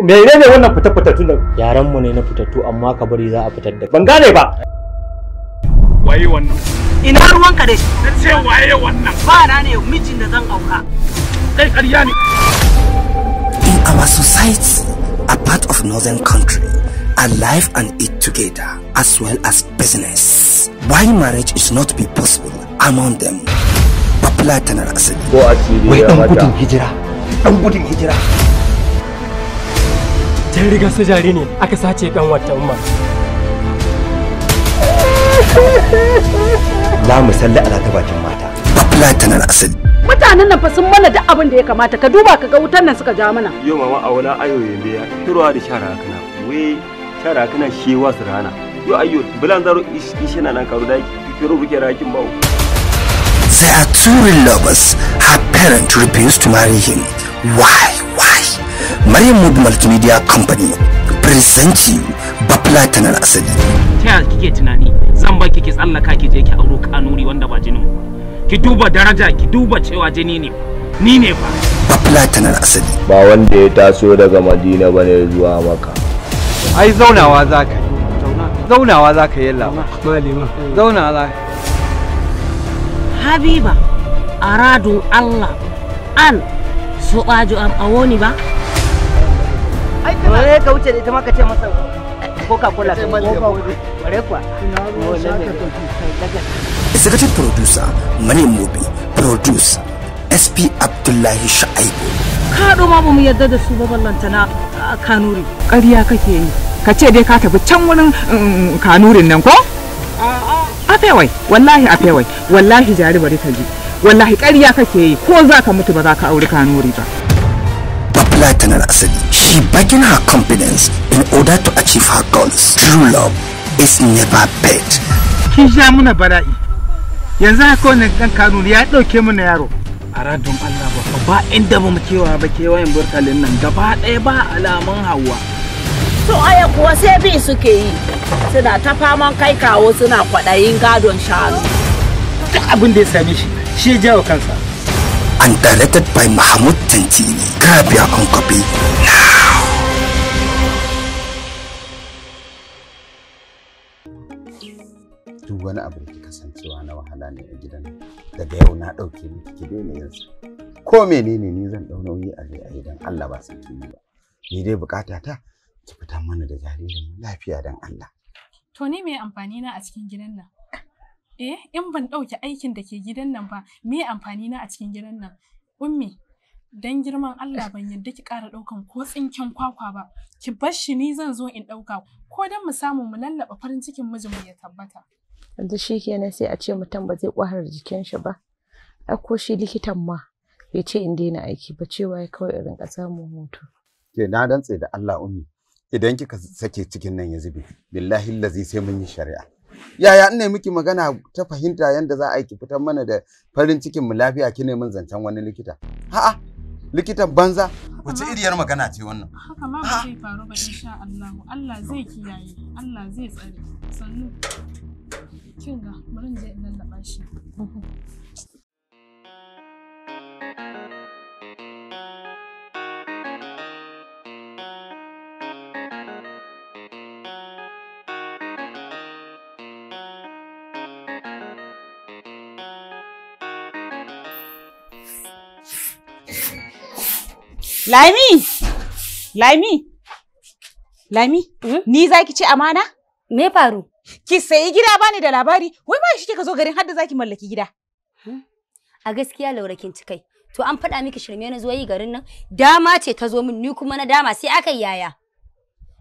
Me ne wannan fita-fitattu nan yaran mu ne na fitattu amma ka bari za a fitar da ban gane ba waye wannan ina ruwanka da shi na ce waye wannan ba na ne mijin da zan auka kai ƙarya ne in our society a part of northern country alive and eat together as well as business. Why marriage is not be possible among them. Popular tanar asali. Wai ɗan gudun hijira. Ɗan gudun hijira. Jan riga su jari ne aka sace kan wata umar. Za mu salli ala ta bakin mata. Popular tanar asali. mutanen nan fa sun mana duk abin da ya kamata ka duba ka ga wutan nan suka ja mana yo mama a wani ayoyin da ya kirwa da shara kana we shara kana shewa su rana yo ayo bilan zaro ishina nan karu da kiro buke rakin bawo There are two real lovers. Her parent refused to marry him. Why? Why? Maryam mud Multimedia Company presents you Bapla tanan Asali. Ta yaya kike tunani zan ba kike tsallaka ki je ki auro kanuri wanda ba jinin ki duba daraja ki duba cewa jini ne ni ne ba. Bapla tanan Asali. Ba wanda ya taso daga Madina bane zuwa Makka. Ai zaunawa zaka zaunawa za ka yi labar Zauna za ka habiba radun allah an su ɓaju an ni ba ai ka wuce ita maka ka ce masa koka kula ka coca-cola kuwa executive producer mani Mubi, produce sp abdullahi Sha'aibu. ka ma ba mu yadda da su lantana a kanuri ƙarya kake yi ka ce dai ka tafi can wurin mm, kanurin nan ko afewai wallahi fewai, wallahi jari bari ta ji wallahi ƙarya kake yi ko za ka mutu ba za ka auri kanuri ba platinum asali she backing her confidence in order to achieve her goals true love is never bad kin sha muna bara'i yanzu haka wani ɗan kanuri ya ɗauke mana yaro a radon Allah ba ba inda ba mu kewa ba kewayen burkalin nan gaba ɗaya ba alamun hawa su aya kuwa sai bi suke yi suna ta faman kai kawo suna kwaɗayin gadon shanu duk abin da ya same shi shi ya jawo kansa and directed by mahmud tantini ka biya own duk wani abu da ke kasancewa na wahala ne a gidan daga yau na ɗauke miki ki daina yanzu ko menene ni zan ɗau nauyi a gidan Allah ba sai ki ba ni dai bukata ta ki fita mana da jaririn lafiya dan Allah. To ni me amfani na a cikin gidan nan? Eh, in ban ɗauki aikin da ke gidan nan ba, me amfani na a cikin gidan nan? Ummi, dan girman Allah ban yadda ki ƙara ɗaukan ko tsinken kwakwa ba, ki bar shi ni zan zo in ɗauka, ko dan mu samu mu lallaɓa farin cikin mijin mu ya tabbata. Yanzu shi kenan sai a ce mutum ba zai ƙwarar jikin shi ba, ai ko shi likitan ma yace ce in daina aiki ba cewa ya kawai irin ƙasa mu hutu. Ke eh, na dantse da Allah ummi, idan kika sake cikin nan ya zube billahi lazi sai mun yi shari'a yaya ina miki magana ta fahimta yanda za a yi ki fitar mana da farin cikin mu lafiya ki neman zancen wani likita a'a likitan banza wace iriyar magana ce wannan haka ma ba zai faru ba insha Allah Allah zai kiyaye Allah zai tsare sannu kin ga bari je in lallaba shi Lami! Lami! Lami, hmm? ni za ki ci amana? Me faru? Ki sayi gida bani da labari, wai ba shi ka zo garin hadda za ki mallaki gida. Hmm? A gaskiya Laura kin ci kai. To an faɗa miki shirme na zuwa yi garin nan, dama ce ta zo min ni kuma na dama sai aka yaya.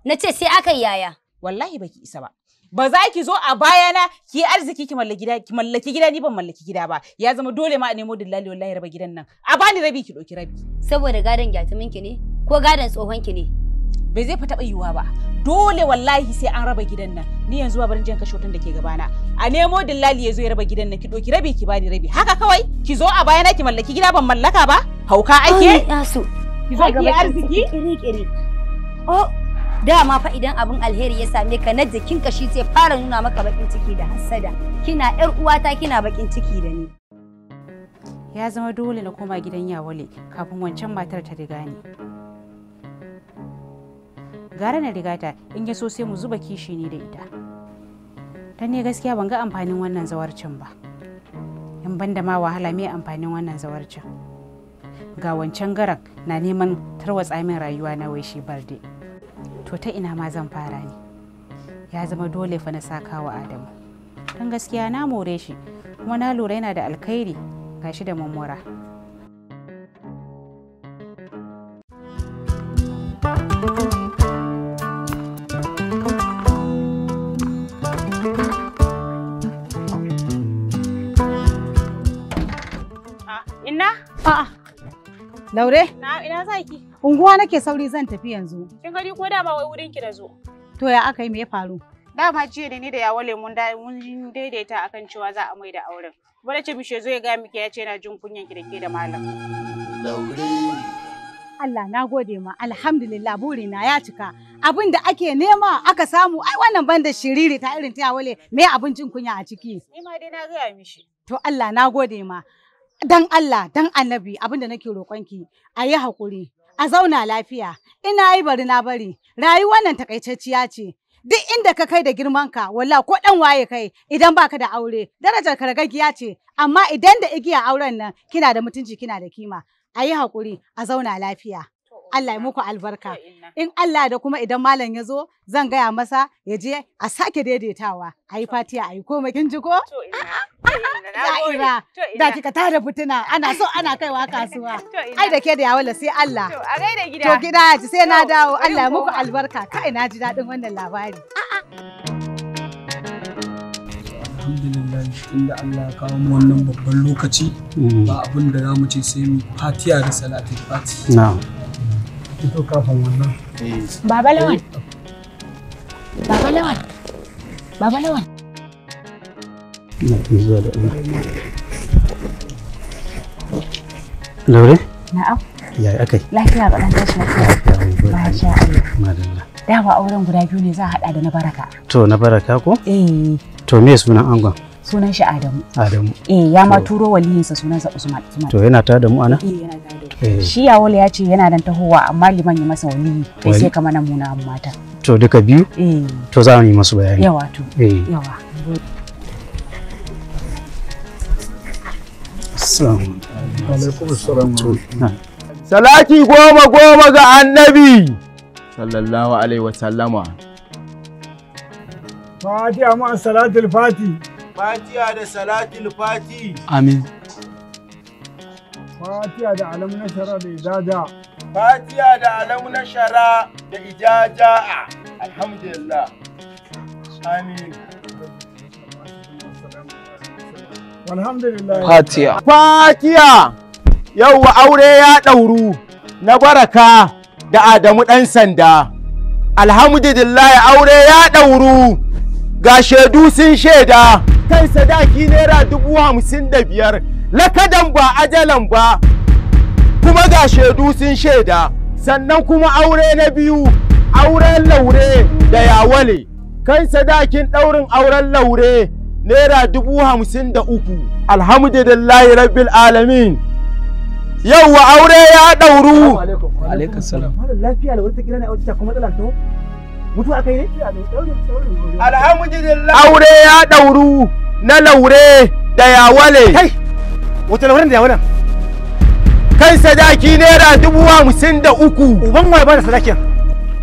Na ce sai aka yaya. Wallahi baki isa ba. ba za ki zo a bayana ki yi arziki ki mallaki gida ki mallaki gida ni ban mallaki gida ba ya zama dole ma a nemo dillali wallahi raba gidan nan a bani rabi ki ɗauki rabi saboda gadon gyatumin ki ne ko gadon tsohon ki ne bai zai fa taɓa yiwuwa ba dole wallahi sai an raba gidan nan ni yanzu ba barin jan kashe hoton da ke gabana a nemo dillali ya zo ya raba gidan nan ki ɗauki rabi ki bani rabi haka kawai ki zo a bayana ki mallaki gida ban mallaka ba hauka ake ki zo ki yi arziki kiri kiri oh dama fa idan abin alheri ya same ka na jikin ka shi zai fara nuna maka bakin ciki da hassada kina yar uwata kina bakin ciki da ni ya zama dole na koma gidan yawale kafin wancan matar ta riga ni gara na riga ta in ya so sai mu zuba kishi ne da ita ta ne gaskiya ban ga amfanin wannan zawarcin ba in ban da ma wahala me amfanin wannan zawarcin ga wancan garan na neman tarwatsa min rayuwa na wai shi barde to ta ina ma zan fara ne ya zama dole fa na saka wa adamu don gaskiya na more shi kuma na lura yana da alkhairi ga shi da mummura ah, Inna? A'a. Laure? Na ina zaki? Unguwa nake sauri zan tafi yanzu. Kin gani ko dama wai wurin ki da zo. To ya aka yi me ya faru? Dama jiya da ni da yawale mun da mun daidaita akan cewa za a mai da auren. Kuma ce mishi zo ya ga miki ya ce yana jin kunyan ki da ke da malam. Laure. Allah na gode ma alhamdulillah na ya cika abin da ake nema aka samu ai wannan banda shiriri ta irin ta wale me jin kunya a ciki ni ma dai na gaya mishi to Allah na gode ma dan Allah dan annabi abin da nake roƙon ki ayi hakuri a zauna lafiya, ina yi bari na bari, Rayuwa nan takaitacciya ce. Duk inda ka kai da girmanka, walla ko ɗan waye kai idan baka da aure, darajar ka ce, amma idan da igiya auren nan kina da mutunci kina da kima, a yi haƙuri a zauna lafiya. Allah ya muku albarka. In Allah da kuma idan malam ya zo zan gaya masa ya je a sake daidaitawa a yi fatiya a yi komai kin ji ko? Ah, ah, ah, Za'ira da kika tada fitina ana so ana kaiwa kasuwa. Ai da ke da yawala sai Allah. To gida ya sai na dawo Allah ya muku albarka kai na ji daɗin wannan labari. alhamdulillah inda Allah ya kawo mu wannan babban lokaci ba abin da za mu ce sai mu fatiya da salatin fati. kafin wannan. Baba Lawan. Baba Lawan. Baba Lawan. Ina zuwa da Laure? Na'am. Yaya aka yi? Lafiya ba ɗan tashi lafiya. Lafiya mai Masha Allah. Madalla. Dama auren guda biyu ne za a haɗa da na baraka. To na baraka ko? Eh. To me sunan angon? Sunan shi Adamu. Adamu. Eh ya ma turo waliyinsa sunansa Usman. To yana ta da mu ana? Eh yana Eh. shi yawol ya ce yana dan tahowa amma liman yi masa wani ne sai kama na muna ta. to duka biyu eh. to za mu yi masu bayani yawa to eh. yawa Salati goma goma ga annabi sallallahu alaihi wa sallama Fatiha ma salatul fati Fatiha da salatul fati Amin Fatiya da Alamu na shara da ijaja. Fatiya da alamu na shara da ijaja. Alhamdulillah. Amin. Fatiya. Fatiya. Yau aure ya ɗauru na baraka da Adamu ɗan sanda. Alhamdulillah aure ya ɗauru ga shaidu sun shaida. Kai sadaki naira dubu hamsin da biyar. lakadan ba ajalan ba kuma ga shaidu sun shaida sannan kuma aure na biyu auren laure da yawale kan sadakin ɗaurin auren laure naira dubu hamsin da uku alhamdulillahi rabbil alamin yauwa aure ya ɗauru alhamdulillah aure ya ɗauru na laure da yawale wata lauran da wana kan sadaki naira dubu hamsin da uku uban wa ba da sadakin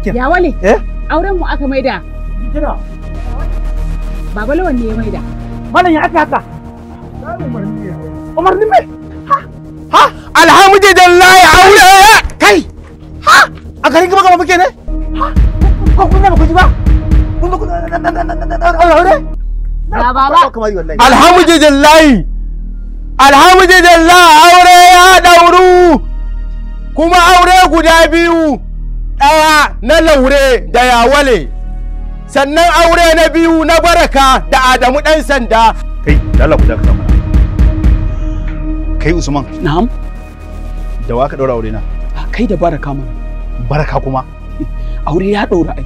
ya wale eh? auren mu aka maida jira baba lawan ne ya maida malam ya aka haka umarni mai ha ha alhamdulillahi aure kai ha a garin gaba gaba muke ne ha ko kun ba ku ji ba kun ba ku aure ba baba alhamdulillahi alhamdulillah aure ya ɗauru kuma aure guda biyu ɗaya na laure da yawale sannan aure na biyu na baraka da adamu ɗan sanda kai dala ku daka mana kai usman na'am da wa ka ɗaura aure na kai da baraka mana baraka kuma aure ya ɗaura ai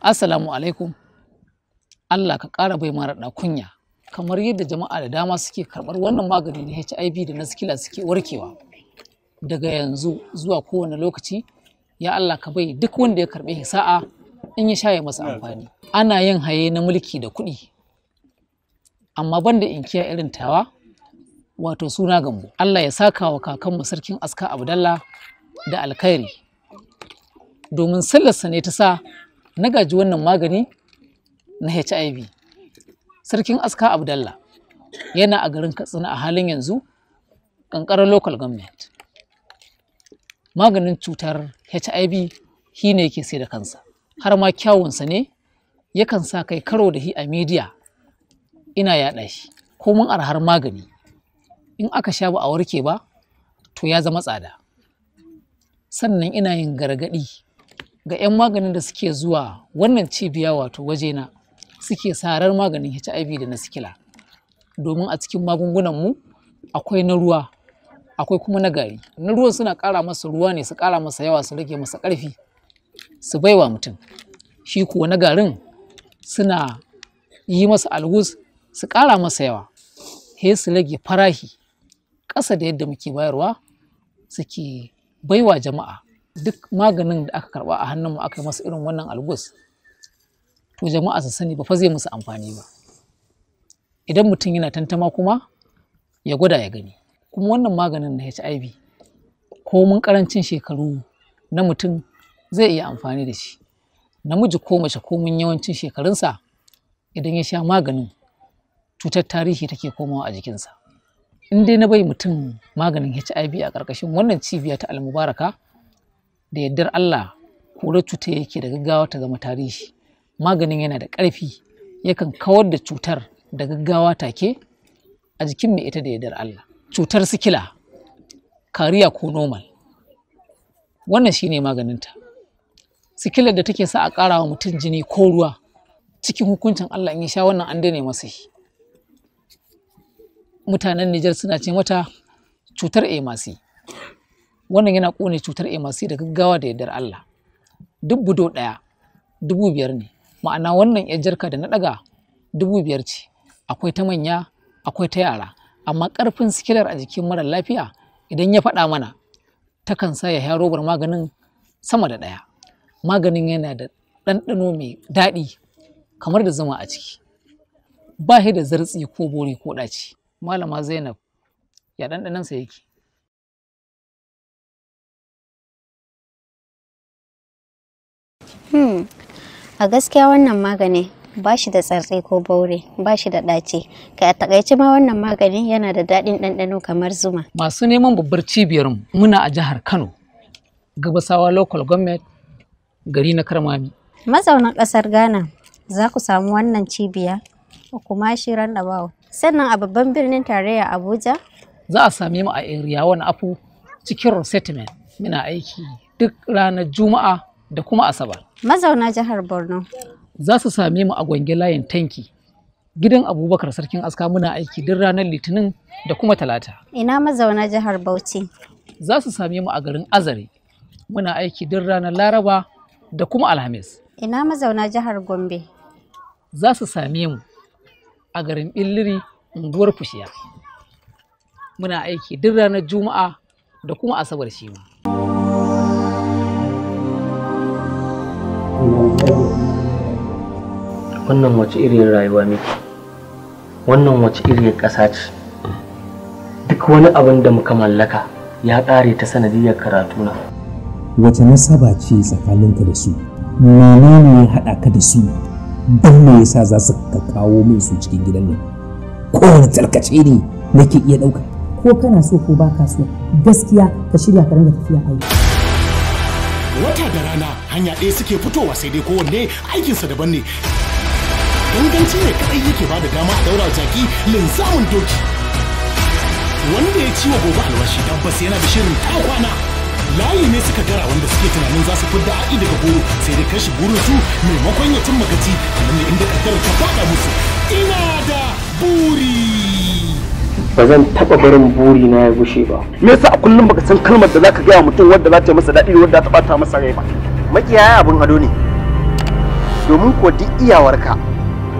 Assalamu alaikum. Allah ka ƙara bai mara da kunya. Kamar yadda jama'a da dama suke karɓar wannan magani na HIV da na sikila suke warkewa. Daga yanzu zuwa kowane lokaci, ya Allah ka bai duk wanda ya karɓe sa'a in ya shaye masa amfani. Ana yin haye na mulki da kuɗi. Amma banda in inkiya irin tawa, wato suna gambo. Allah ya saka wa kakanmu sarkin aska Abdallah da alkhairi. Domin sallarsa ne ta sa na gaji wannan magani na HIV. Sarkin Aska Abdallah yana a garin Katsina a halin yanzu ƙanƙarar local government. Maganin cutar HIV shi ne yake sai da kansa, har ma kyawunsa ne yakan sa kai karo da hi a media ina yaɗa shi, ko mun arhar magani. In aka sha ba a warke ba, to ya zama tsada. Sannan ina yin gargaɗi ga 'yan maganin da suke zuwa wannan cibiya wato wajena suke sarar maganin HIV da na sikila domin a cikin magungunanmu akwai na ruwa akwai kuma na gari na ruwan suna ƙara masa ruwa ne su ƙara masa yawa su rage masa ƙarfi su baiwa mutum shi kuwa na garin suna yi masa algus su ƙara masa yawa he su rage farahi ƙasa da yadda muke bayarwa suke baiwa jama'a duk maganin da aka karba a hannunmu aka yi masa irin wannan algus to jama'a su sani ba fa zai musu amfani ba idan mutum yana tantama kuma ya gwada ya gani kuma wannan maganin na HIV ko mun karancin shekaru na mutum zai iya amfani da shi namiji ko mace ko mun yawancin shekarunsa idan ya sha maganin cutar tarihi take komawa a jikinsa in dai na bai mutum maganin HIV a ƙarƙashin wannan cibiya ta almubaraka da yardar Allah kurar cutar yake da gaggawa ta zama tarihi maganin yana da ƙarfi yakan kawar da cutar da gaggawa take a jikin mai ita da yardar Allah cutar sikila kariya ko normal wannan shine maganinta sikilar da take sa a ƙara wa mutum jini ko ruwa cikin hukuncin Allah in ya sha wannan an daina masa shi mutanen Nijar suna ce mata cutar emasi wannan yana kone cutar AMC da gaggawa da yardar Allah duk budo ɗaya dubu biyar ne ma'ana wannan yar jarka da na ɗaga dubu biyar ce akwai ta manya akwai ta yara amma ƙarfin sikilar a jikin mara lafiya idan ya faɗa mana takan sa ya robar maganin sama da ɗaya maganin yana da ɗanɗano mai daɗi kamar da zama a ciki ba da zartsi ko bori ko ɗaci malama zainab ya ɗanɗanansa yake Hmm. A gaskiya wannan magani ba shi da tsartse ko baure ba shi da ɗace kai a takaice ma wannan magani yana da daɗin ɗanɗano kamar zuma masu neman babbar cibiyar muna a jihar kano gabasawa local government gari na karmami mazaunan ƙasar ghana za ku samu wannan cibiya kuma shi da bawo sannan a babban birnin tarayya abuja za a same mu a area wani afu cikin resettlement muna aiki duk ranar juma'a da kuma asabar mazauna jihar borno za su same mu a gwange layin tanki gidan abubakar sarkin aska muna aiki duk ranar litinin da kuma talata ina mazauna jihar bauchi za su same mu a garin azare muna aiki duk ranar laraba da kuma alhamis ina mazauna jihar gombe za su same mu a garin billiri unguwar fushiya muna aiki duk ranar juma'a da kuma asabar shima. wannan wace irin rayuwa ne wannan wace irin ƙasa ce duk wani abin da muka mallaka ya ƙare ta sanadiyar karatu na wace nasaba ce tsakaninka da su ne ya haɗa ka da su don me yasa za su ka kawo min su cikin gidan nan kowane tarkace ne nake iya ɗauka ko kana so ko ba ka so gaskiya ka shirya ka ringa tafiya aiki wata da rana hanya ɗaya suke fitowa sai dai kowanne aikinsa daban ne ganganci ne kadai yake ba da dama a daura jaki linzamin doki wanda ya ciwa gobe alwashi tabbas yana da shirin ta kwana layi ne suka gara wanda suke tunanin za su fidda a'i daga goro sai dai kashi burin su maimakon ya cimma kamar ne inda kaddarar ta faɗa musu ina da buri ba zan taba barin buri na ya gushe ba me yasa a kullum baka san kalmar da zaka gaya mutum wadda za ta masa daɗi wadda ta bata masa rai ba makiyaya abin ado ne domin ko duk iyawarka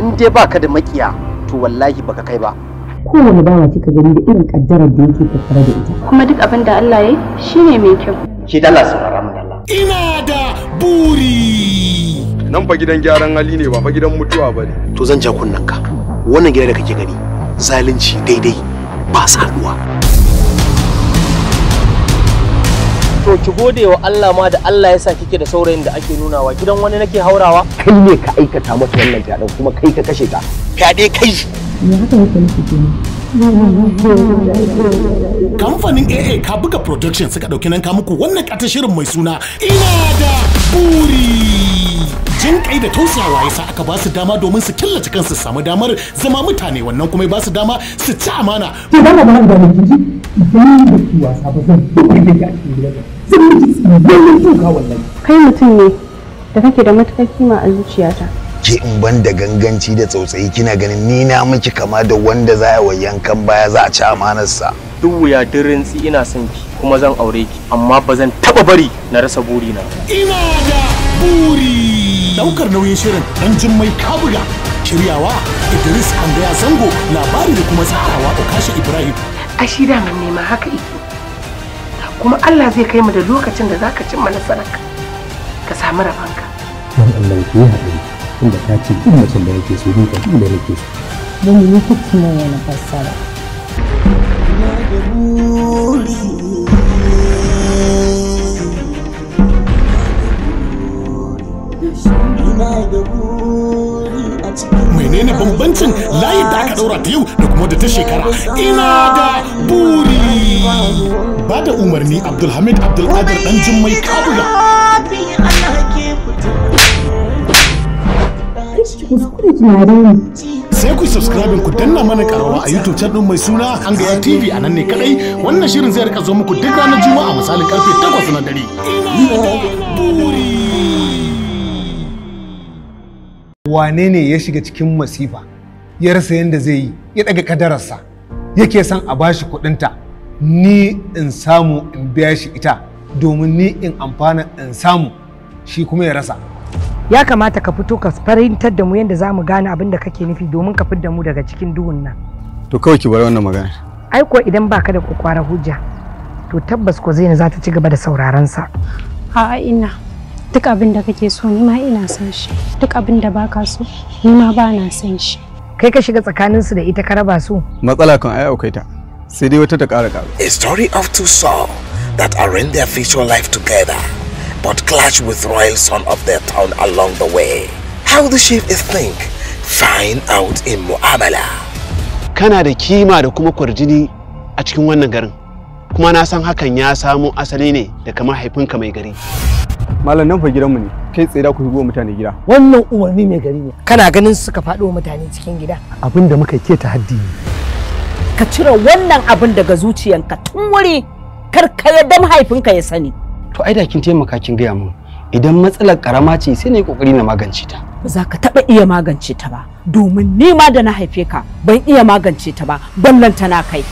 in dai baka da makiya to wallahi baka kai ba kowane bawa kika gani da irin kaddarar da yake tattare da ita kuma duk abin da Allah ya shine mai kyau ki dalla saurara mun dalla ina da buri nan fa gidan gyaran hali ne ba fa gidan mutuwa ba ne to zan ja kunnanka wannan gida da kake gani zalunci daidai ba saduwa to ki gode wa Allah ma da Allah ya sa kike da saurayin da ake nunawa gidan wani nake haurawa kai ne ka aikata masa wannan fyaɗen kuma kai ka kashe ta fyaɗe kai me haka yake nufi kenan kamfanin aa ka buga production suka dauki nan muku wannan kata shirin mai suna ina da buri jin kai da tausayawa sa aka ba su dama domin su killace kansu samu damar zama mutane wannan kuma ba su dama su ci amana ba ji wasa ba zan kai mutum ne da kake da matukar kima a zuciyata ke in ban da ganganci da tsautsayi kina ganin ni na miki kama da wanda za a yankan baya za a ci amanarsa duk wuya duk rintsi ina son ki kuma zan aure ki amma ba zan taba bari na rasa burina ina da buri daukar nauyin shirin dan jin mai kabuga shiryawa idris andaya zango labari da kuma tsarawa okashi ibrahim a shi da mun nema haka ike kuma allah zai kai mu da lokacin da zaka cimma nasararka ka samu rabanka don allah ki haɗari inda ta ce duk macen da yake so ni ka duk da yake so don ni kuke mun wani fassara menene bambancin layi da aka daura ta yau da kuma da ta shekara ina da buri ba da umarni abdulhamid abdulkadir dan jummai kabula kuskure ki mare sai ku subscribe ku danna mana karawa a YouTube channel mai suna Hangaya TV a nan ne kadai wannan shirin zai rika zo muku duk ranar Juma'a misalin karfe 8 na dare wane ne ya shiga cikin masifa ya rasa yadda zai yi ya daga kadararsa yake son a bashi kuɗinta ni in samu in biya shi ita domin ni in amfana in samu shi kuma ya rasa ya kamata ka fito ka farintar da mu yadda za mu gane abin da kake nufi domin ka fidda mu daga cikin duhun nan to kawai ki bar wannan magana ai ko idan baka da kwakwara hujja to tabbas ko zaina za ta ci gaba da sauraron sa a'a ina duk abin da kake so ni ma ina son shi duk abin da baka so ni ma ba na son shi kai ka shiga tsakanin su da ita ka raba su matsala kan ai aukai ta sai dai wata ta ƙara ƙaru a story of two souls that are in their future life together but clash with royal son of their town along the way. How the chief is think, find out in mu'amala. Kana da kima da kuma kwarjini a cikin wannan garin, kuma na san hakan ya samo asali ne daga mahaifinka mai gari. Malam nan fa gidanmu ne, kai tsaye da ku shigo mutane gida. Wannan umarni mai gari ne. Kana ganin suka faɗo mutane cikin gida. Abin da muka keta ta haddi Ka cire wannan abin daga zuciyanka tun wuri kar ka yadda mahaifinka ya sani. to ai da kin taimaka kin gaya mun idan matsalar karama ce sai ne kokari na magance ta za ka taba iya magance ta ba domin ni ma da na haife ka ban iya magance ta ba ballanta na kai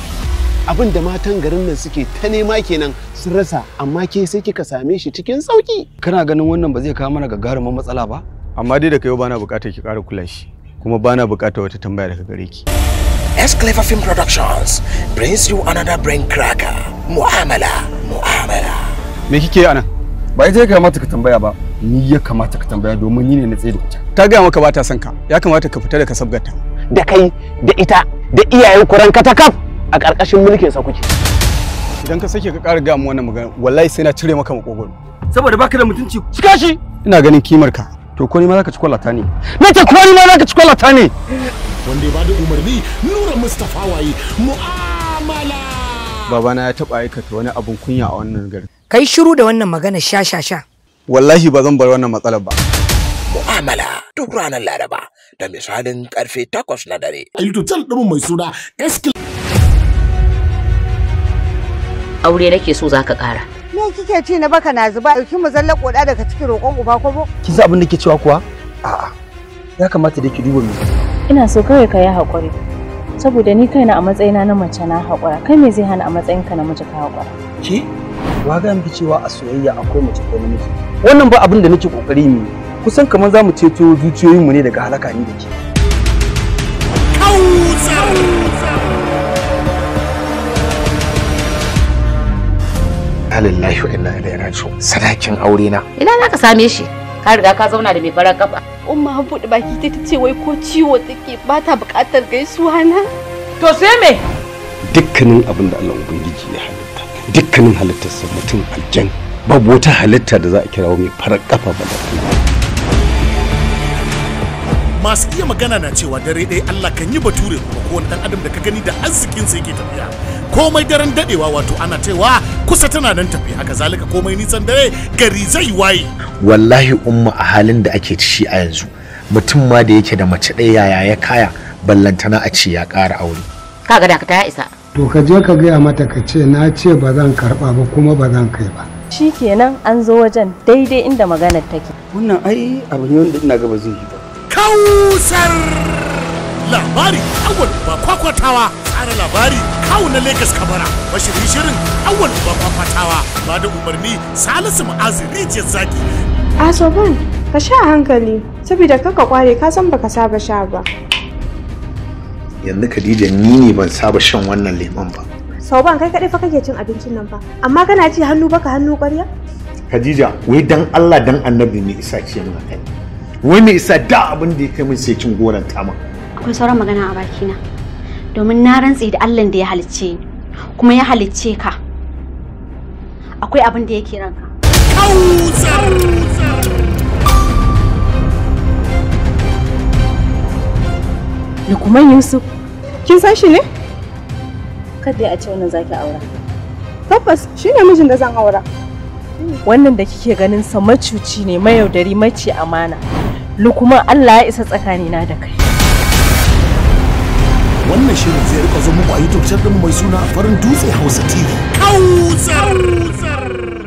abin da matan garin nan suke ta nema kenan sun rasa amma ke sai kika same shi cikin sauki kana ganin wannan ba zai kawo mana gagarumin matsala ba amma dai da kai bana bukatar ki ƙara kula shi kuma bana bukatar wata tambaya daga gare ki S Clever Film Productions brings you another brain cracker mu'amala mu'amala me kike anan ba ita ya kamata ka tambaya ba ni ya kamata ka tambaya domin ni ne na tsaye da ita ta gaya maka ba ta son ka ya kamata ka fita daga sabgarta da kai da ita da iyayen kuran ka ta kaf a ƙarƙashin mulkin sa kuke idan ka sake ka ƙara gaya mu wannan magana wallahi sai na cire maka makogoro saboda baka da mutunci cika shi ina ganin kimar ka to ko ni ma zaka ci kwalata ne na ce ko ni ma zaka ci kwalata ne wanda ya bada umarni nura mustafa waye mu'amala babana ya taba aikata wani abun kunya a wannan garin kai shiru da wannan magana sha sha sha wallahi ba zan bar wannan matsalar ba mu'amala duk ranar laraba da misalin karfe 8 na dare a youtube channel ɗinmu mai suna eskil aure nake so zaka kara. me kike ci na baka na zuba ki mu zalla koda daga cikin roƙon uba ko kin san abin da ke cewa kuwa a'a ya kamata da ki duba mu ina so kai ka yi haƙuri saboda ni kaina a matsayina na mace na haƙura kai me zai hana a matsayinka na mace ka haƙura ki wa ga miki cewa a soyayya akwai mace ko namiji wannan ba abin da nake kokari ne kusan kamar zamu ceto zuciyoyin mu ne daga halaka ni da ke Alillahi wa inna ilaihi raji'un sadakin aure na ina za ka same shi ka riga ka zauna da mai farar kafa umma an baki ta ce wai ko ciwo take ba ta bukatar gaisuwa na to sai me dukkanin abin da Allah ubangiji ya halitta dukkanin halittarsa mutum aljan babu wata halitta da za a kirawo mai farar kafa ba masu iya magana na cewa dare ɗaya Allah kan yi bature kuma kowane ɗan adam da ka gani da arzikin sa yake tafiya komai daren daɗewa wato ana cewa kusa tana nan tafi haka zalika komai nisan dare gari zai waye wallahi umma a halin da ake ci a yanzu mutum ma da yake da mace ɗaya yaya ya kaya ballantana a ce ya ƙara aure kaga da ka ta isa to ka je ka gaya mata ka ce na ce ba zan karba ba kuma ba zan kai ba shi kenan an zo wajen daidai inda maganar take wannan ai abu ne wanda ina gaba zai yi ba kausar labari awal ba kwakwatawa tsara labari kawo na lagos kabara mashirin shirin awal ba kwakwatawa ba da umarni salisu ma'azi rijiyar zaki asoban ka sha hankali saboda kaka kware ka san baka saba sha ba yanzu Khadija ni ne ban saba shan wannan lemon ba ban kai kadai fa kake cin abincin nan fa amma kana ci hannu baka hannu ƙwarya Khadija wai dan Allah dan Annabi ne isa ce min kai wai me isa da abin da ya kai min sai cin goran tama akwai sauran magana a bakina domin na rantse da Allah da ya halicce ni kuma ya halicce ka akwai abin da yake ranka Lukman Yusuf Kin san shi ne? Kada a ce wannan zaki aura. Tabbas shi ne mijin da zan aura. Wannan da kike ganin sa macuci ne mayaudari mace amana. Lukuma Allah ya isa tsakani na da kai. Wannan shirin zai rika zo muku a YouTube channel mai suna Farin Dutse Hausa TV. Kausar!